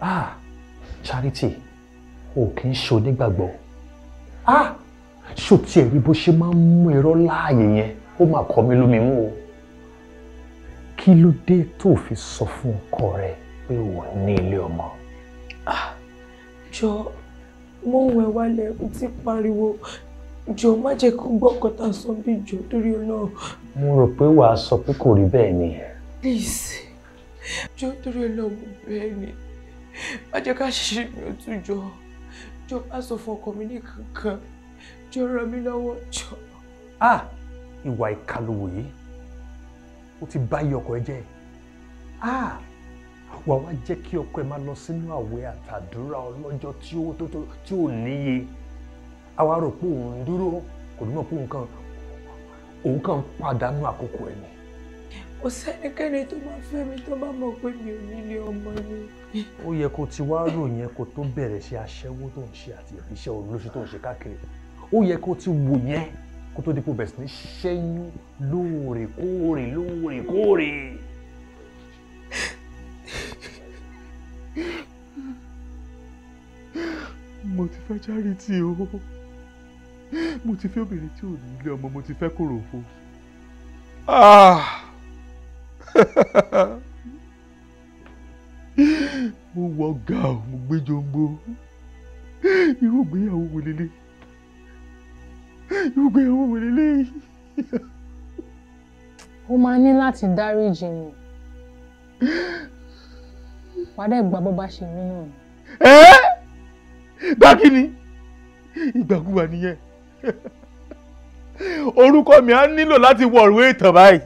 ah charity o kì í ṣe onígbàgbọ́ ah ṣó tiẹ̀ rí bó ṣe máa ń mú irọ́ láàyè yẹn ó máa kọ́ mi lómi mú o kí ló dé tó fi sọ fún ọkọ rẹ pé ò ní ilé ọmọ. Ah, jọ mo ń wẹ wálẹ̀ n ti pariwo jọ má jẹ́ kó gbọ́ ọkọ tá a sọ bí jọ torí Ọlọ́run. mo rò pé wàá sọ pé kò rí bẹ́ẹ̀ ni. please jọ torí Ọlọ́run bẹ́ẹ̀ ni má jẹ́ ká ṣe mi ò tún jọ jọ bá sọ fún ọkọ mi ní kankan jọ ràn mí lọ́wọ́ jọ. ah ìwà ìkàlùwò yìí ó ti bá iye ọkọ ẹ jẹ́ ah wàá wá jẹ́ kí ọkọ ẹ máa lọ sínú àwẹ̀ àtàdúrà ọlọ́jọ́ tí ó tó tí ò níye àwa rò pé òun dúró kò dúmọ̀ pé òun kan òun kan pàdánù àkókò ẹ ni. kò sẹ́nikẹ́ni tó máa fẹ́ mi tó bá mọ̀ pé mi ò nílé ọmọ ni. ó yẹ kó ti wá rò yẹn kó tó bẹ̀rẹ̀ ṣe aṣẹ́wó tó ń ṣe àti iṣẹ́ olóṣù tó ń ṣe káàkiri ó yẹ kó ti wò yẹn kó tó di pé o bẹ̀rẹ̀ sí ní ṣẹ́yún lóòrèkóòrè lóòrèkóòrè. mo ti fẹ́ charity o mo ti fẹ́ obìnrin tí ò ní ilé ọmọ mo ti fẹ́ kòròfo. Ah! mo wọ ga mo gbé jọ̀ǹgbò irú ìgbéyàwó wo lélẹ́yìí gbogbo ẹ̀wọ̀n wò lélẹ́yìí. ó máa ní láti dáríjì ni wàdà ìgbà bó bá ṣe rí náà. ẹ dákì ni ìgbàkúwà nìyẹn orúkọ mi á nílò láti wọ ìwé ìtàn báyìí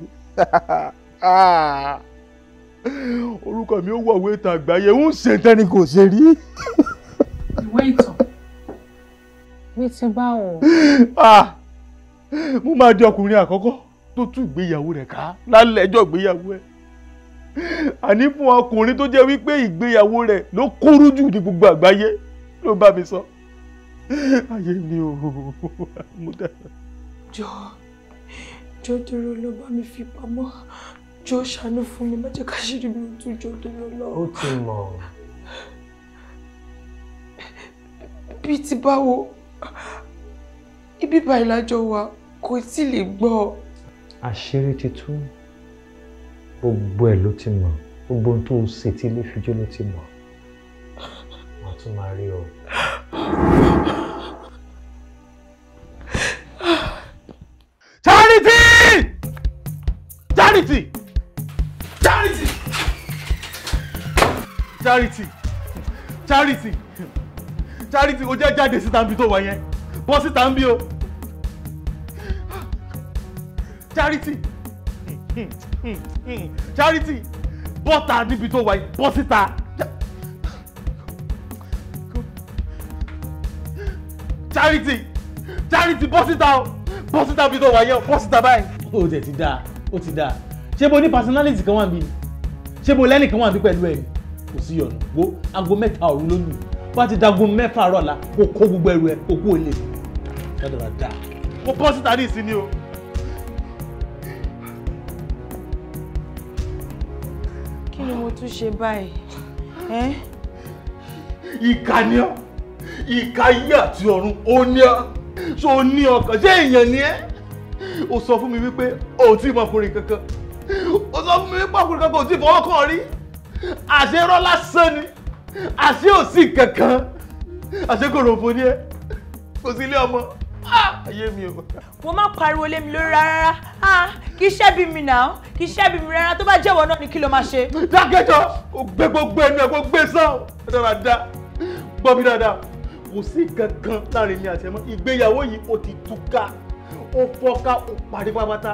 orúkọ mi ó wọ ìwé àgbáyé ń ṣe tẹ́ni kò ṣe rí. ìwé ìtàn ní ti báwo. <gasps> Ah! mo máa di ọkùnrin àkọ́kọ́ tó tú ìgbéyàwó rẹ̀ ká lálẹ́ ẹjọ́ ìgbéyàwó ẹ̀ àní fún ọkùnrin tó jẹ́ wípé ìgbéyàwó rẹ̀ ló kúrú jù ní gbogbo àgbáyé ló bá mi sọ <laughs> ayé mi ò mú dára. jọ jọ dúró ló bá mi fi pamọ́ jọ ṣàánú fún mi má jẹ́ ká ṣe rí mi ò tún jọ dúró lọ. ó ti mọ̀. bíi ti báwo ibi báyìí lájọ wa kò tí lè gbọ́ ọ. àṣírí ti tú gbogbo ẹ̀ ló ti mọ̀ gbogbo ohun tó o ṣe tí ilé fijó ló ti mọ̀ wọ́n tún máa rí ọ. Charity! Charity! Charity! Charity! Charity! charity o jẹ́ jáde síta níbi tó wà yẹn bọ́ síta ń o charity charity bọ́ta níbi tó wà yẹn bọ́ síta. charity charity bọ́ síta o bọ́ síta bí tó wà yẹn bọ́ síta báyìí. o tẹ̀ ti dáa o ti dáa ṣé mo ní personality kan wà níbí ṣé mo lẹ́nìkan wà níbí pẹ̀lú ẹ̀ kò sí ọ̀nà gbó aago mẹ́ta òru lónìí bá ti dagun mẹ́fà rọ̀la kó kó gbogbo ẹrù ẹ kó kó lè lọ́dọ̀rọ̀ dà. mo kọ́ síta ní ìsinmi o. kí ni mo tún ṣe báyìí? ìkà ni ọ́ ìkà ayé àti ọ̀run ó ní ọ́ ṣó o ní ọkàn ṣé èèyàn ni ẹ́ o sọ fún mi wípé o ò tí ì mọ kankan o sọ fún mi wípé ọkùnrin kankan ò tí ì fọwọ́ kàn rí àṣẹ irọ́ lásán àṣé ò sí kankan àṣé kò ròfo ní ẹ kò sí ilé ọmọ ah, ayé mi o. mo má pariwo lé mi lórí rárá rárá ah, kì í ṣẹ́bi mi náà kì í ṣẹ́bi mi rárá tó bá jẹ́wọ́ náà ni kí ló máa ṣe. dákẹ́jọ́ kò gbé gbogbo ẹnu ẹ̀ kò gbé sàn ó dára dá gbọ́ mi dáadáa kò sí kankan láàrin mi àti ẹ̀mọ́ ìgbéyàwó yìí ó ti túká ó fọ́ká o parí pátápátá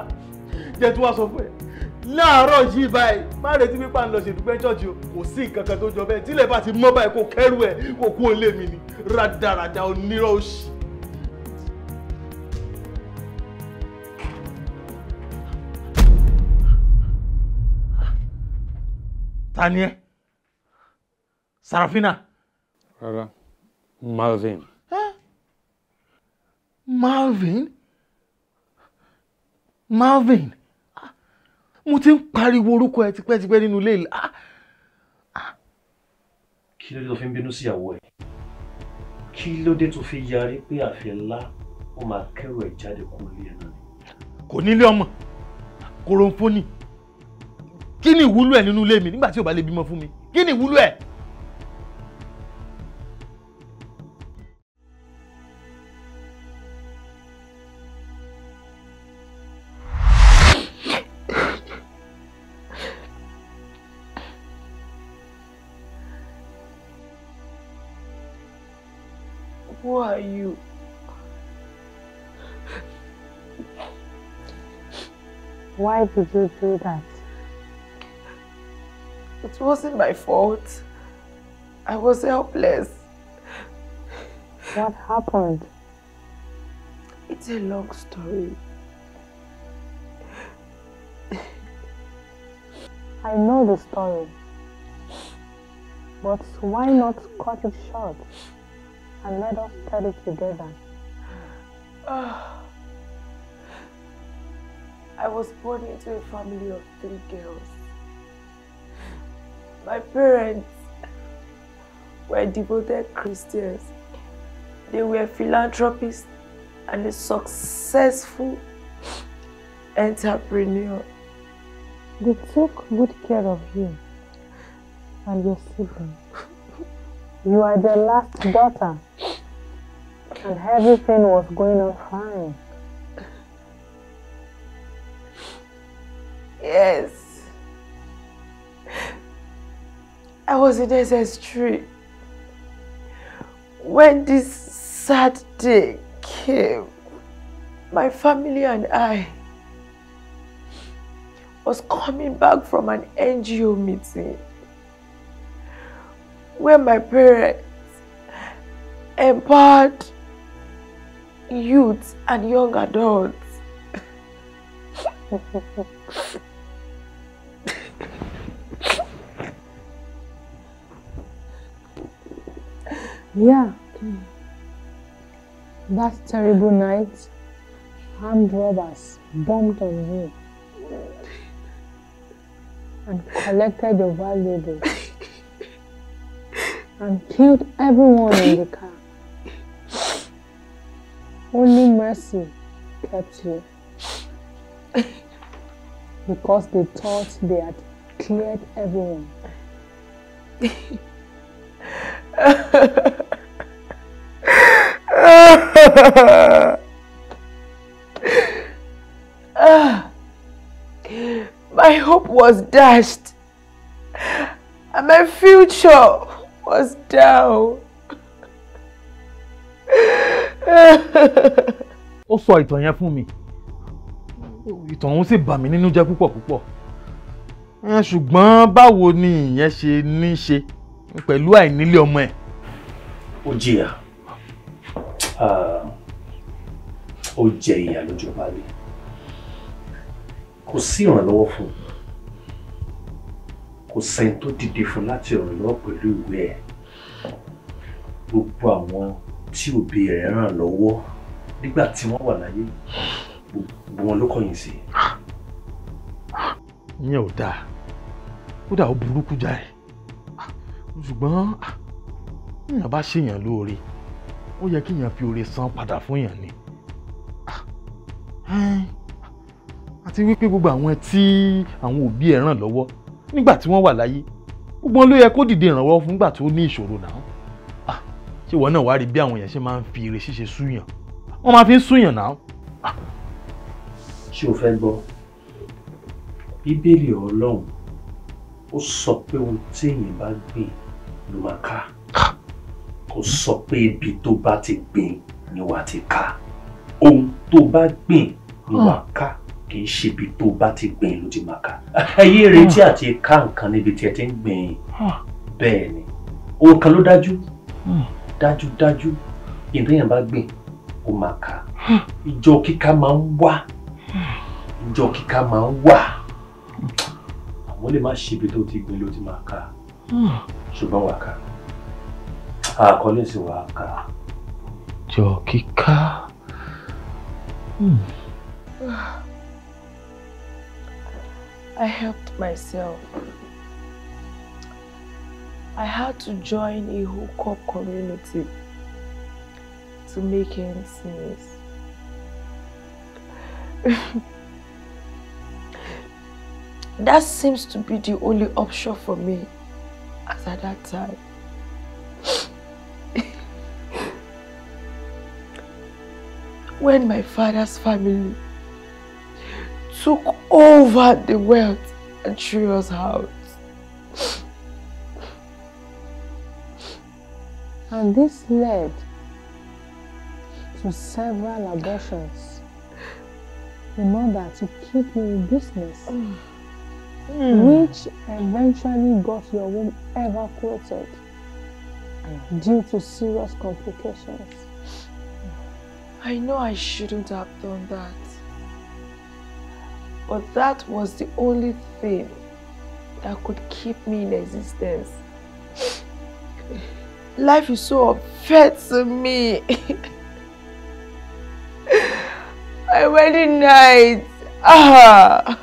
jẹ́ tí wàá sọ fún ẹ láàárọ̀ yìí báyìí má retí pípa ń lọ ṣèdúpẹ́ ṣọ́ọ̀ṣì kò sí nǹkan kan tó jọ bẹ́ẹ̀ tílẹ̀ bá ti mọ́ báyìí kò kẹ́rù ẹ̀ kò kú òun mi ni rádaràda onírọ̀ òṣì. ta ni ẹ Sarafina. rárá Marvin. Eh? Marvin Marvin mo ti ń pariwo orúkọ ẹ tipẹ́tipẹ́ nínú ilé ìlà. Ah, ah. kí ló dé tó fi ń bínú síyàwó ẹ kí ló dé tó fi yarí pé àfihàn ńlá ó máa kẹrù ẹ jáde kúrò ilé ẹ náà ni. kò nílé ọmọ kòròǹfónì kí ni ìwúlò ẹ nínú ilé mi nígbà tí ò bá lè bímọ fún mi kí ni ìwúlò ẹ. Who are you? Why did you do that? It wasn't my fault. I was helpless. What happened? It's a long story. I know the story. But why not cut it short? and let us study together. Ah. I was born into a family of three girls. My parents were devoted Christians. They were philanthropists and a successful entrepreneur. They took good care of you and your siblings. You are the last daughter. And everything was going on fine. Yes. I was in SS3 when this sad day came. My family and I was coming back from an NGO meeting where my parents empowered youths and young adults. yeah, that terrible night, armed robbers bombed on you and collected your valuables and killed everyone in the car. Only mercy kept you. Because they thought they had cleared everyone. my hope was dashed and my future was down. ó sọ ìtàn yẹn fún mi ìtàn ọ̀hún ba bà mí nínú jẹ́ púpọ̀ púpọ̀ ṣùgbọ́n báwo ni ìyẹn ṣe ní í ṣe pẹ̀lú àìnílé ọmọ ẹ̀. ó jìyà ó jẹ ìyà lójú balẹ̀ kò sí ìrànlọ́wọ́ kò sẹ́ni tó dìde fún láti ràn lọ́wọ́ pẹ̀lú ìwé ẹ̀ gbogbo àwọn tí òbí rẹ̀ ràn lọ́wọ́ nígbà tí wọ́n wà láyé gbogbo wọn ló kọ̀yìn sí. ìyẹn ò dáa kódà ó burúkú jáì ṣùgbọ́n èèyàn bá ṣèyàn lóore ó yẹ kíyàn fi oore san padà fún èèyàn ni àti wípé gbogbo àwọn tí àwọn òbí ẹ̀ ràn lọ́wọ́ nígbà tí wọ́n wà láyé gbogbo wọn ló yẹ kó dìde ìrànwọ́ fún nígbà tó ní ìṣòro náà ah ṣé ìwọ náà wàá rí bí àwọn èèyàn ṣe máa ń fi ire ṣíṣe súyàn wọ́n máa fi ń súyàn náà. Ah. ṣé o fẹ́ gbọ́ bíbélì ọlọ́run ó sọ pé ohun téèyàn bá gbìn ló máa ká ah. ó sọ pé ibi tó bá ti gbìn ni wàá ti ká ohun tó bá gbìn ni wàá hmm. ká. Hmm kì í ṣe ibi tó bá ti gbìn ló ti máa ká ẹyẹ retí àti ká nǹkan níbi tí ẹ ti ń gbìn bẹ́ẹ̀ ni ohun kan ló dájú dájúdájú hmm. ìdíyàn bá gbìn ó máa ká hmm. ìjọ kíká máa ń wà hmm. ìjọ kíká máa ń wà àwọn lè má ṣe tó ti gbìn ló ti máa ká ṣùgbọ́n wà ká àkọlé sì wà ká. ìjọ kíká. Hmm. Ah. I helped myself. I had to join a hookup community to make ends meet. <laughs> that seems to be the only option for me as at that time. <laughs> when my father's family took over the wealth and Trio's house. And this led to several abortions in order to keep me in business, mm. which eventually got your womb ever-quoted due to serious complications. I know I shouldn't have done that. But that was the only thing that could keep me in existence. <sighs> Life is so unfair to me. <laughs> My wedding night. Ah.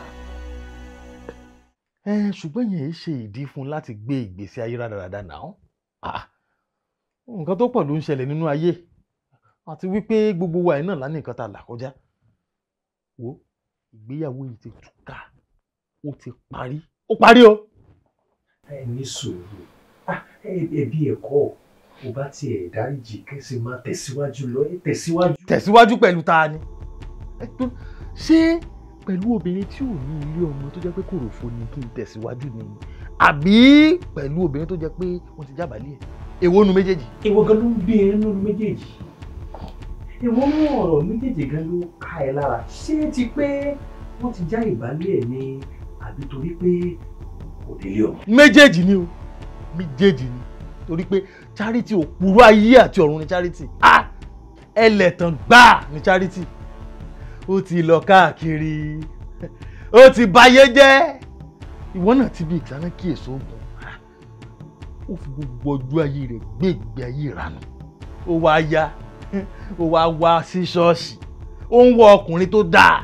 Eh, ṣùgbọ́n yẹn ṣe ìdí fún láti gbé ìgbésí ayé rádaràda náà. Ah. Nǹkan tó pọ̀ ló ń ṣẹlẹ̀ nínú ayé. Àti wípé gbogbo wa iná lá ní nǹkan là kọjá. Wo ìgbéyàwó yìí ti túká ó ti parí ó parí o. ẹ ní sùúrù ah, ẹbí ẹ̀kọ́ ò bá tiẹ̀ dáríjì kẹ́sì máa tẹ̀síwájú lọ ẹ tẹ̀síwájú. tẹ̀síwájú pẹ̀lú ta ni ṣé pẹ̀lú obìnrin tí ò ní ilé ọmọ tó jẹ́ pé kòròfo ni kí n tẹ̀síwájú ni àbí pẹ̀lú obìnrin tó jẹ́ pé wọ́n ti jábàálẹ̀ èwo nu méjèèjì. èwo gan ló ń bí ẹnu méjèèjì ìwọ mú ọ̀rọ̀ méjèèjì gan ló ká ẹ lára ṣé ti pé wọ́n ti já ìbálẹ̀ ẹ̀ ni àbí torí pé kò délé ọ̀hún. méjèèjì ni o méjèèjì ni torí pé charity òpùrọ́ ayé àti ọ̀run ni charity ah ẹlẹ́tàn gbáà ni charity ó ti lọ káàkiri ó ti bayé jẹ́ ìwọ náà ti bí ìtàná kíyèsí ogun ó fi gbogbo ọjọ́ ayé rẹ̀ gbé ìgbé ayé ìranù ó wá yá ó wá wá sí ṣọ́ọ̀ṣì ó ń wọ ọkùnrin tó dáa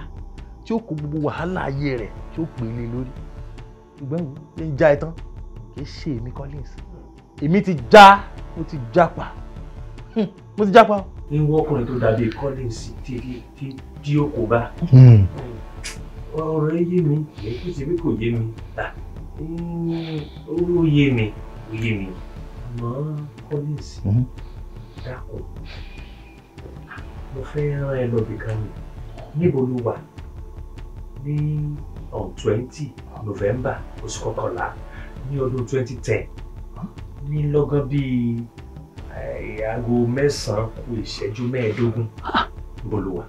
tí ó kó gbogbo wàhálà ayé rẹ̀ tí ó pè é lé lórí ṣùgbọ́n ìwọ ń já ẹ tán kì í ṣe èmi Collins èmi ti já mo ti jápa mo ti jápa o. ń wọ ọkùnrin tó dàbí Collins tí tí tí ó kó bá hmm. ọ̀rọ̀ yé mi èyí tí kò yé mi tà ó yé mi ó yé mi àmọ́ Collins hmm. dákun mo fẹ́ rán ẹ lọ bìkan ni níbo ló wà ní on twenty november oṣù kọkànlá ní ọdún twenty ten ní lọ́gán bíi eh, aago mẹ́sàn-án kù ìṣẹ́jú mẹ́ẹ̀ẹ́dógún níbo ló wà.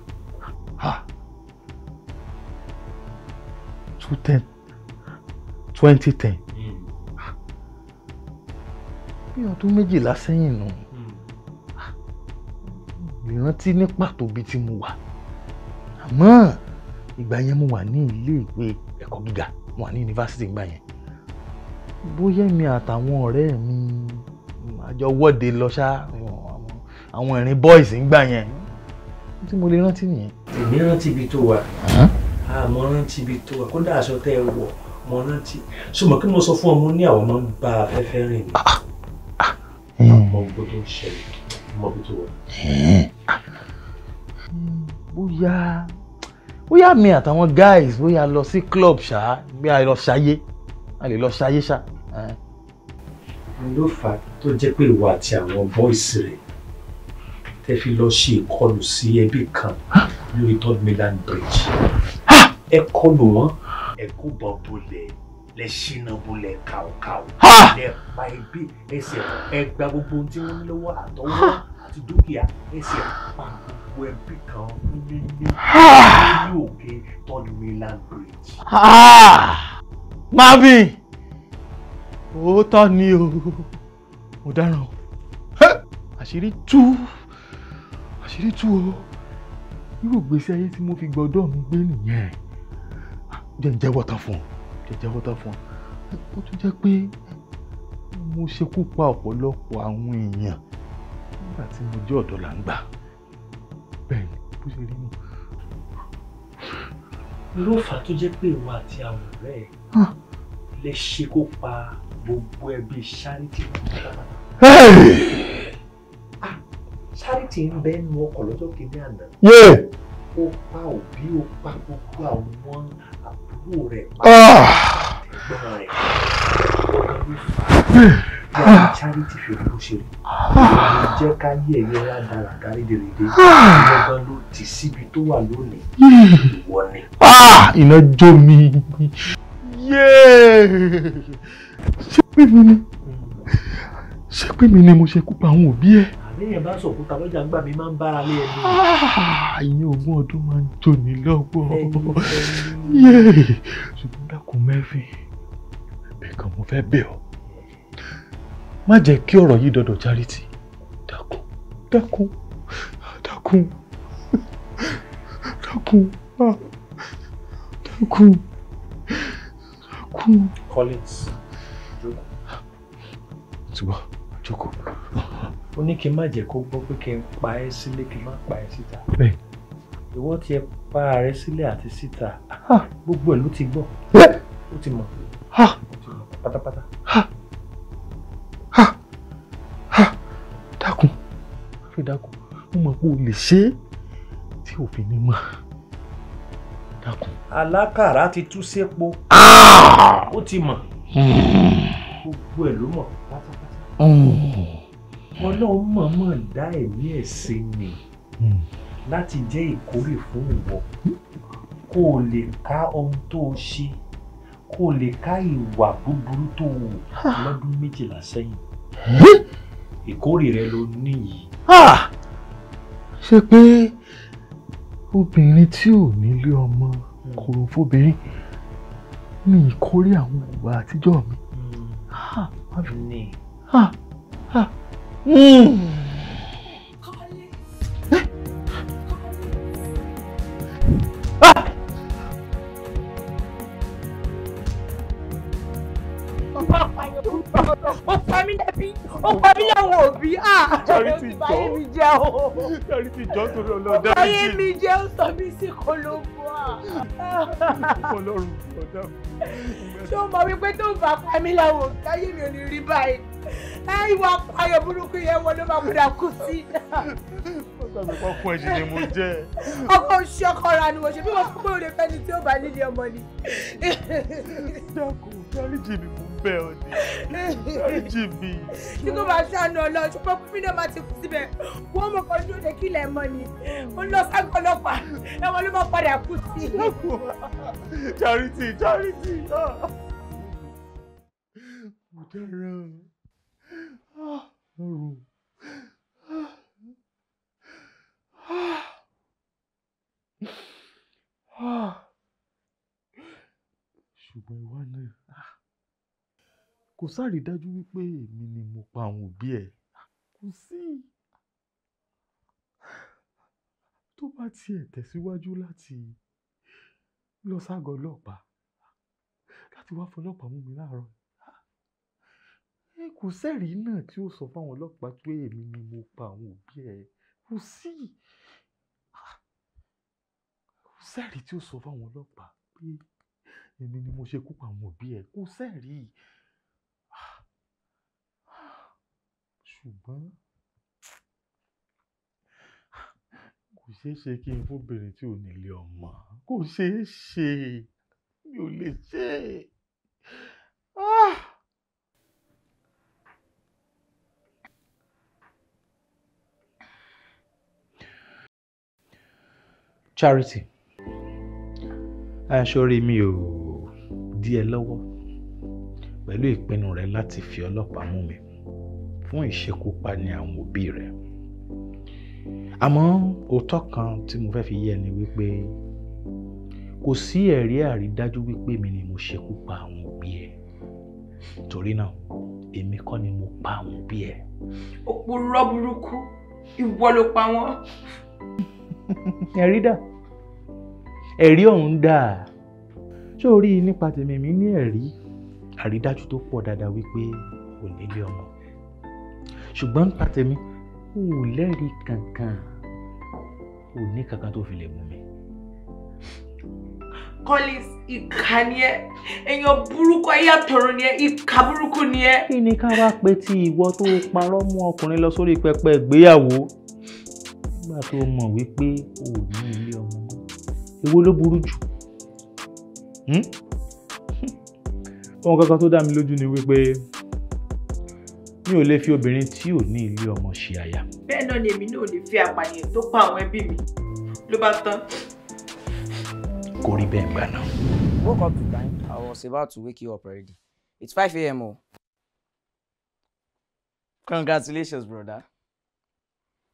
two ten twenty ten hmm. bí ọdún méjìlá sẹ́yìn nù. No rántí ní pàtó bíi tí mo wà àmọ́ ìgbà yẹn mo wà ní iléèwé ẹ̀kọ́ gíga mo wà ní yunifásitì ìgbà yẹn bóyá mi àtàwọn ọ̀rẹ́ mi àjọ wọ́de lọ ṣá àwọn ìrìn boys ìgbà yẹn tí mo lè rántí nìyẹn. èmi rántí ibi tó wà àmọ́ rántí ibi tó wà kódà aṣọ tẹ́ ẹ wọ̀ mo rántí ṣùgbọ́n kí mo sọ fún ọ ní àwọn máa ń bá afẹ́fẹ́ rìn ni àmọ́ ah, ah, ah. gbogbo tó ń ṣẹlẹ̀ mọ́ bí tó wà bóyá bóyá mi àtàwọn guys bóyá lọ sí club ṣá bí a lọ ṣayé a lè lọ ṣayé ṣá. ló fà á tó jẹ́ pé ìwà àti àwọn boys rẹ̀ tẹ́ fi lọ ṣe ìkọlù sí ẹbí kan lórí third mainland bridge ẹ kọlù wọn ẹ kó bọ̀ bolẹ̀ lẹ ṣínà bolẹ̀ kàwọ́kàwọ́ lẹ pa ẹbí ẹsẹ̀ ẹ gba gbogbo ohun tí wọ́n ń lọ́wọ́ àtọwọ́ àti dúkìá ẹsẹ̀ pa gbogbo ẹbí kan fún níní ní òkè third bridge. Marvin òótọ́ ni o mo dáràn o àṣírí tú àṣírí tú o irú ìgbésí ayé tí mo fi gbọ́dọ̀ mi gbé nìyẹn ah, jẹ́ jẹ́wọ́ tán fún jẹ́ jẹ́wọ́ tán fún ó tún jẹ́ pé mo ṣekú pa ọ̀pọ̀lọpọ̀ àwọn èèyàn nígbà tí mo jẹ́ ọ̀dọ́ là ń gbà bẹ́ẹ̀ ni bó ṣe rí nù. ló fà tó jẹ́ pé ìwà àti àwọn ọ̀rẹ́ ẹ̀ lè ṣe kó pa gbogbo ẹbí ṣáríìtì ṣáríìtì ah, ń bẹ́ẹ̀ nu ọkọ̀ lọ́jọ́ kìíní àná ó pa òbí ó pa gbogbo àwọn àbúrò rẹ̀ pa ẹ̀gbọ́n rẹ̀ yàrá charity fi bó ṣe rí ìwà jẹ́ ká yí ẹ̀yẹ ládàrà kárí dèrèdè ìgbọ́n ni. iná jó mi ṣé pé mi ni ṣé pé mi ni mo ṣe kú pa àwọn òbí ẹ̀ béèyàn bá sọ̀kúta lọ́jà ńgbà mi máa ń bára lé ẹni. Ah, ìyẹn ogún ọdún máa ń tò ní lọ́wọ́ ṣùgbọ́n dákun mẹ́fìn bẹ́ẹ̀ kan mo fẹ́ bẹ̀ ọ́ má jẹ́ kí ọ̀rọ̀ yìí dọ̀dọ̀ charity dákun dákun dákun dákun ah, dákun dákun. Collins jókòó. ṣùgbọ́n jókòó o ní kí n má jẹ́ kó gbọ́ pé kí n pa ẹ́ sílé kí n má pa ẹ́ síta. bẹ́ẹ̀. ìwọ ti ẹ pa ààrẹ sílé àti síta gbogbo ẹ̀ ló ti gbọ́ ó ti mọ̀ pátápátá. dákun àfi dákun mo mọ̀ pé o lè ṣe é tí òfin ni mọ̀ dákun. alákàrà ti tú sépo ó ti mọ̀ hmm. gbogbo ẹ̀ ló mọ̀ pátápátá. Hmm ọlọ́run mọ̀ọ́mọ̀ dá ẹ̀mí ẹ̀ sí mi hmm. láti jẹ́ ìkórè fún ìwọ kó o lè ká ohun tó o ṣe kó o lè ká ìwà búburú tó o wù lọ́dún méjìlá sẹ́yìn ìkórè rẹ ló ní yìí. ṣé pé obìnrin tí ò nílé ọmọ hmm. kòrò fóbìnrin ní ìkórè àwọn ìwà àtijọ́ mi. Hmm. ní charity jọ charity jọ torí ọlọ́dá méjì ọ̀báyé mi jẹ́ ó sọ mí sí kolombo ọlọ́run ọ̀dà. ṣé o mọ̀ wípé tó ń bá pa mí láwọn òkè ayé mi ò ní rí báyìí ìwà ayọ̀ burúkú yẹn wọ́n ló máa padà kú sí. ọkọ ẹ̀jẹ̀ ni mo jẹ́. ọkọ oṣù ọkọ ra ni mo ṣe bí mo fún pé o lè fẹ́ ni tí ó bá nílé ọmọ ni. dákun dáríjì mi mo bẹ̀ ọ́ ni dáríjì mi. tí kò bá ṣàánú ọlọ ṣùgbọ́n pínpín náà máa ti kú síbẹ̀ wọ́n mọ̀ kan dúró de kílẹ̀ mọ́ ni ó lọ sáàgọ́ ọlọ́pàá ẹ̀wọ̀n ló máa padà kú sí. dákun charity ah. charity. mo dára rò. ṣùgbọ́n ìwà náà ah, kò sáré dájú wípé èmi ni mo pa àwọn òbí ẹ̀ kò sí tó bá tiẹ̀ tẹ̀síwájú láti lọ ságọ́ ọlọ́pàá láti wá fọlọ́pàá mú mi láàárọ̀ ẹ kò sẹ́rìí náà tí ó sọ fáwọn ọlọ́pàá pé èmi ni mo pa àwọn òbí ẹ kò sí ah! kò sẹ́rìí tí ó sọ fáwọn ọlọ́pàá pé èmi ni mo ṣekú pa àwọn òbí ẹ kò sẹ́rìí ah! ṣùgbọ́n kò ṣeé ṣe kí n fóbìnrin tí ò nílé ọmọ kò ṣeé ṣe mi ò lè ṣe Ah! charity aṣọ́rí mi ò dí ẹ lọ́wọ́ pẹ̀lú ìpinnu rẹ láti fi ọlọ́pàá mú mi fún ìṣekúpani àwọn òbí rẹ àmọ́ òótọ́ kan tí mo fẹ́ fi yé ẹ ni wípé kò sí ẹ̀rí àrídájú wípé mi ni mo ṣekú pa àwọn òbí ẹ torí náà èmi kọ́ ni mo pa àwọn òbí ẹ. òpùrọ́ burúkú ìwọ ló pa wọ́n ẹ̀rí dà ẹ̀rí ọ̀hún dà sórí nípa tèmi mi ní ẹ̀rí àrídájú tó pọ̀ dáadáa wípé kò nílé ọmọ ṣùgbọ́n nípa tèmi kò lẹ́rìí kankan kò ní kankan tó fi lè mú mi. Collins ìkà ni ẹ èèyàn burúkú ayé àtọ̀run ni ẹ ìkà burúkú ni ẹ. kí ni ká wá pé tí ìwọ tó parọ́ mú ọkùnrin lọ sórí pẹpẹ ìgbéyàwó nígbà tó mọ̀ wípé o ò ní ilé ọmọ mọ́ ló burú jù hmm? ohun kankan tó dá mi lójú ni wípé mi ò lè fi obìnrin tí ò ní ilé ọmọ ṣe aya. bẹ́ẹ̀ náà ni èmi náà ò lè fi àpànìyàn tó pa àwọn ẹbí mi ló bá tán. kò rí bẹ́ẹ̀ gbà náà. woke up to time I was about to wake you up already it's five a.m. o. congratulations brother.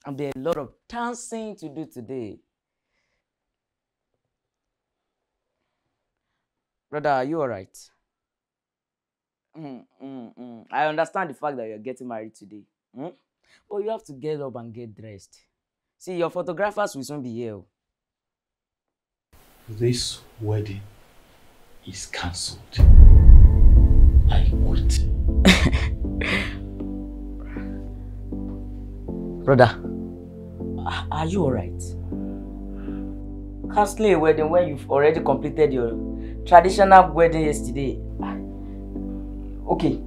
And there are a lot of dancing to do today. Brother, are you all right? Mm, mm, mm. I understand the fact that you're getting married today. Mm? But you have to get up and get dressed. See, your photographers will soon be here. This wedding is cancelled. I quit. <laughs> Brother. Are you alright? Canceling a wedding when you've already completed your traditional wedding yesterday. Ah, okay.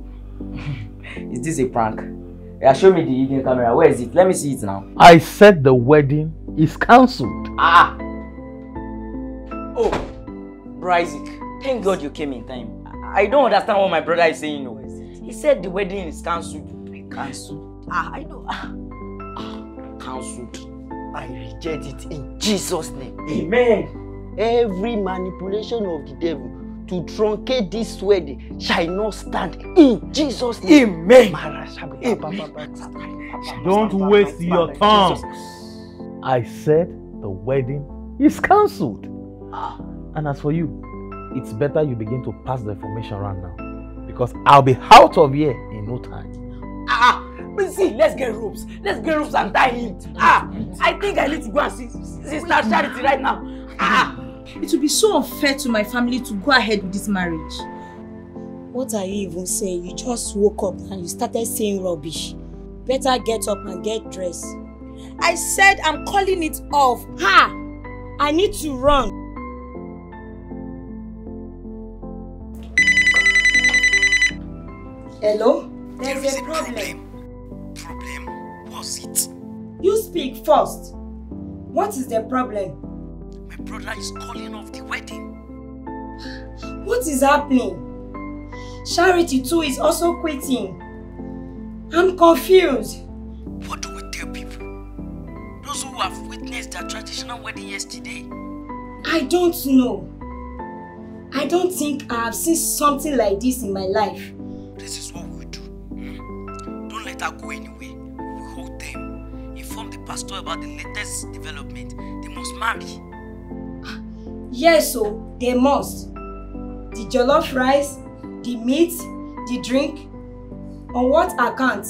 <laughs> is this a prank? Yeah, show me the hidden camera. Where is it? Let me see it now. I said the wedding is cancelled. Ah! Oh, Bryzik, thank God you came in time. I don't understand what my brother is saying. No. He said the wedding is cancelled. Cancelled? Ah, I know. Ah cancelled. I reject it in Jesus' name. Amen. Every manipulation of the devil to truncate this wedding shall not stand in Jesus' name. Amen. Amen. Don't waste your time. I said the wedding is cancelled. And as for you, it's better you begin to pass the information around now. Because I'll be out of here in no time. Ah! see let's get ropes let's get ropes and tie him ah i think i need to go and see sister charity right now ah. it would be so unfair to my family to go ahead with this marriage. what are you even saying you just woke up and you started saying rubbish better get up and get dressed. i said i'm calling it off ha i need to run. hello. There's is a problem. problem was it? You speak first. What is the problem? My brother is calling off the wedding. What is happening? Charity too is also quitting. I'm confused. What do we tell people? Those who have witnessed their traditional wedding yesterday? I don't know. I don't think I have seen something like this in my life. This is what letter go anyway. We hold them. Inform the pastor about the latest development. They must marry. Ah, yes, so oh, they must. The jollof rice, the meat, the drink. On what account?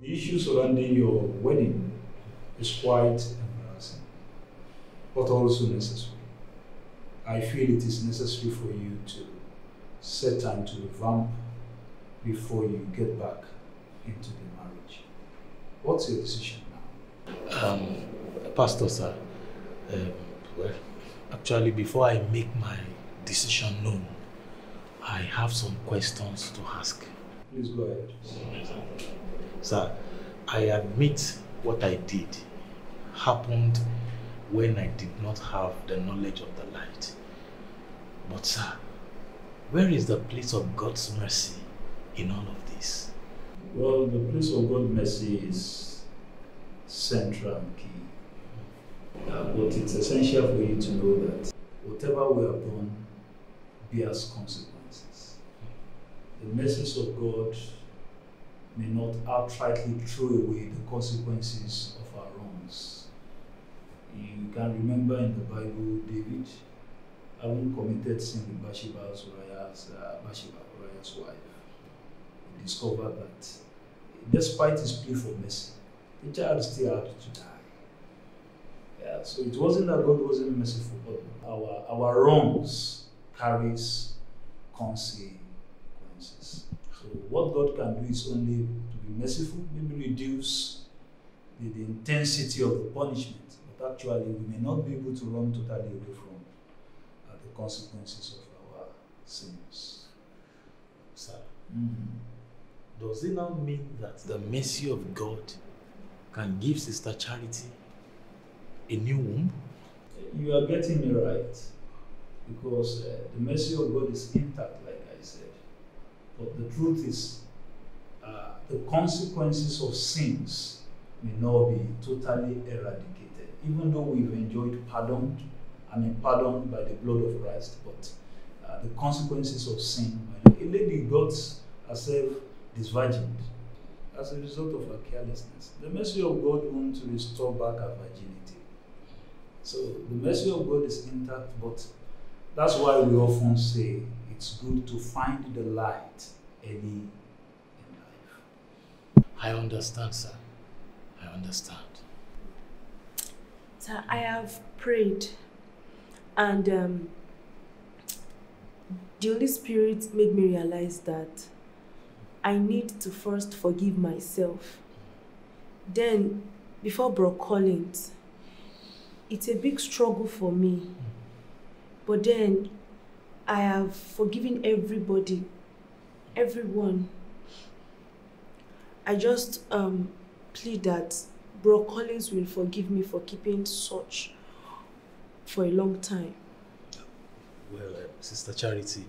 The issue surrounding your wedding is quite embarrassing, but also necessary. I feel it is necessary for you to set time to revamp before you get back into the marriage. What's your decision now? Um, Pastor, sir, um, well, actually, before I make my decision known, I have some questions to ask. Please go ahead. Sir, I admit what I did happened when I did not have the knowledge of the but sir, where is the place of God's mercy in all of this? Well, the place of God's mercy is central and key. Uh, but it's essential for you to know that whatever we have done bears consequences. The mercies of God may not outrightly throw away the consequences of our wrongs. You can remember in the Bible, David Harun committed sin with Bathsheba, Suraya's, uh, Bathsheba, Uriah's wife. He discovered that despite his plea for mercy, the child still had to die. Yeah, so it wasn't that God wasn't merciful, but our, our wrongs carries consequences. So what God can do is only to be merciful, maybe reduce the, the intensity of the punishment, but actually we may not be able to run totally away from consequences of our sins. Sir, mm -hmm. does it now mean that the mercy of God can give Sister Charity a new womb? You are getting me right, because uh, the mercy of God is intact, like I said. But the truth is, uh, the consequences of sins may not be totally eradicated, even though we've enjoyed pardon I mean, pardoned by the blood of Christ, but uh, the consequences of sin. A lady got herself disvirgined as a result of her carelessness. The mercy of God wants to restore back her virginity. So the mercy of God is intact, but that's why we often say it's good to find the light early in life. I understand, sir. I understand. Sir, I have prayed and um, the Holy Spirit made me realize that I need to first forgive myself. Then, before Brock Collins, it's a big struggle for me. But then, I have forgiven everybody, everyone. I just um, plead that Brock Collins will forgive me for keeping such for a long time. Well, uh, Sister Charity,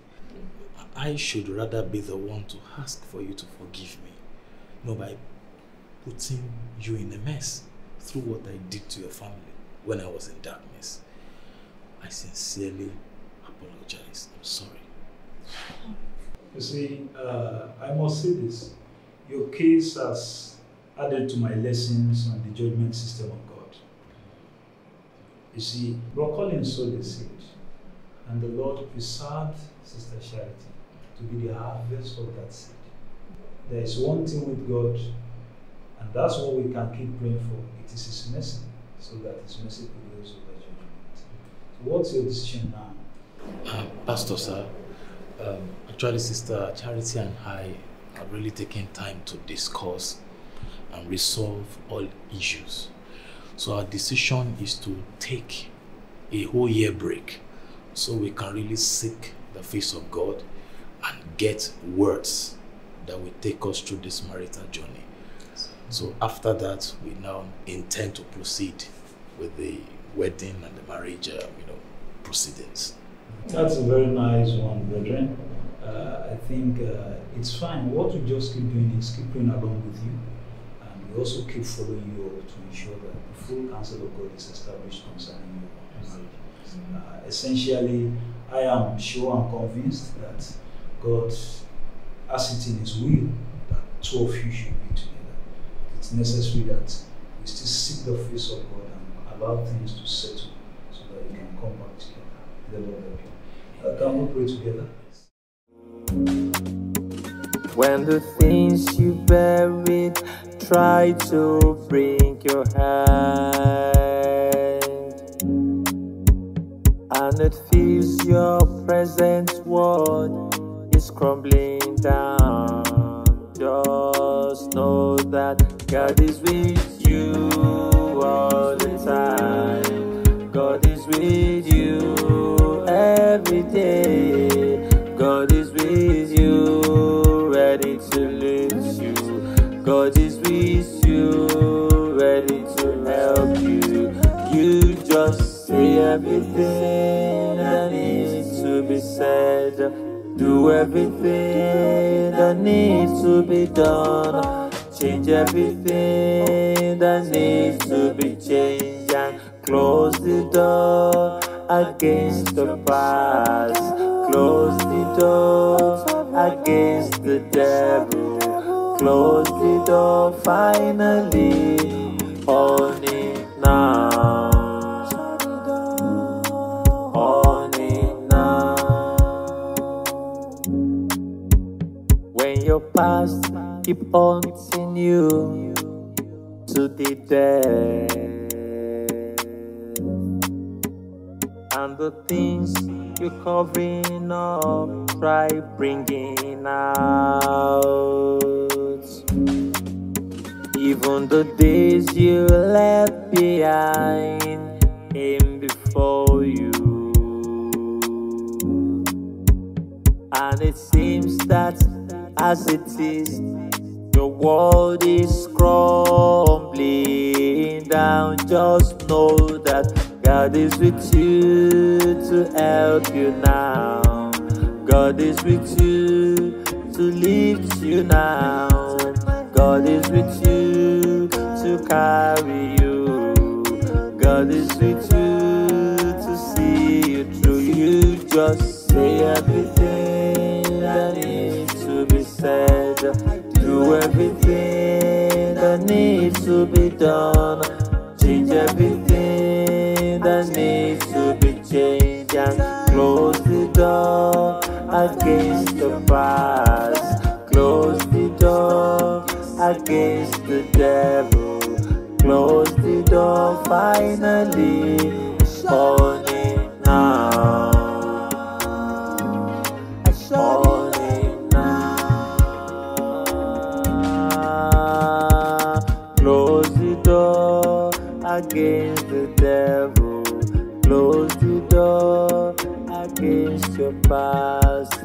I should rather be the one to ask for you to forgive me. Not by putting you in a mess through what I did to your family when I was in darkness. I sincerely apologize. I'm sorry. You see, uh, I must say this. Your case has added to my lessons on the judgment system of God. You see, Brock Collins sowed the seed, and the Lord preserved Sister Charity to be the harvest of that seed. There is one thing with God, and that's what we can keep praying for. It is His mercy, so that His mercy prevails over judgment. So, what's your decision now? Uh, Pastor, sir, um, actually, Sister Charity and I are really taking time to discuss and resolve all issues so our decision is to take a whole year break so we can really seek the face of God and get words that will take us through this marital journey. So after that, we now intend to proceed with the wedding and the marriage, uh, you know, proceedings. That's a very nice one, brethren. Uh, I think uh, it's fine. What we just keep doing is keep going along with you we also keep following you to ensure that the full counsel of God is established concerning your marriage. Mm -hmm. uh, essentially, I am sure and convinced that God, has it in His will, that two of you should be together. It's necessary that you still seek the face of God and allow things to settle so that you can come back together. The Lord help you. Uh, can we pray together? When the things you buried try to bring your hand And it feels your present world is crumbling down Just know that God is with you all the time God is with you every day God is God is with you, ready to help you. You just say everything that needs to be said. Do everything that needs to be done. Change everything that needs to be changed and close the door against the past. Close the door against the devil. Close the door finally on it now. On it now. When your past keep on seeing you to the day. and the things you're covering up, try bringing out. Even the days you left behind came before you And it seems that as it is The world is crumbling down Just know that God is with you to help you now God is with you to lift you now God is with you to carry you. God is with you to see you through. You just say everything that needs to be said. Do everything that needs to be done. Change everything that needs to be changed. And close the door against the past. Close the door against the devil. Close the door finally on it now. On it now. Close the door against the devil. Close the door against your past.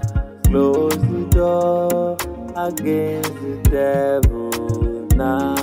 Close the door against the devil now.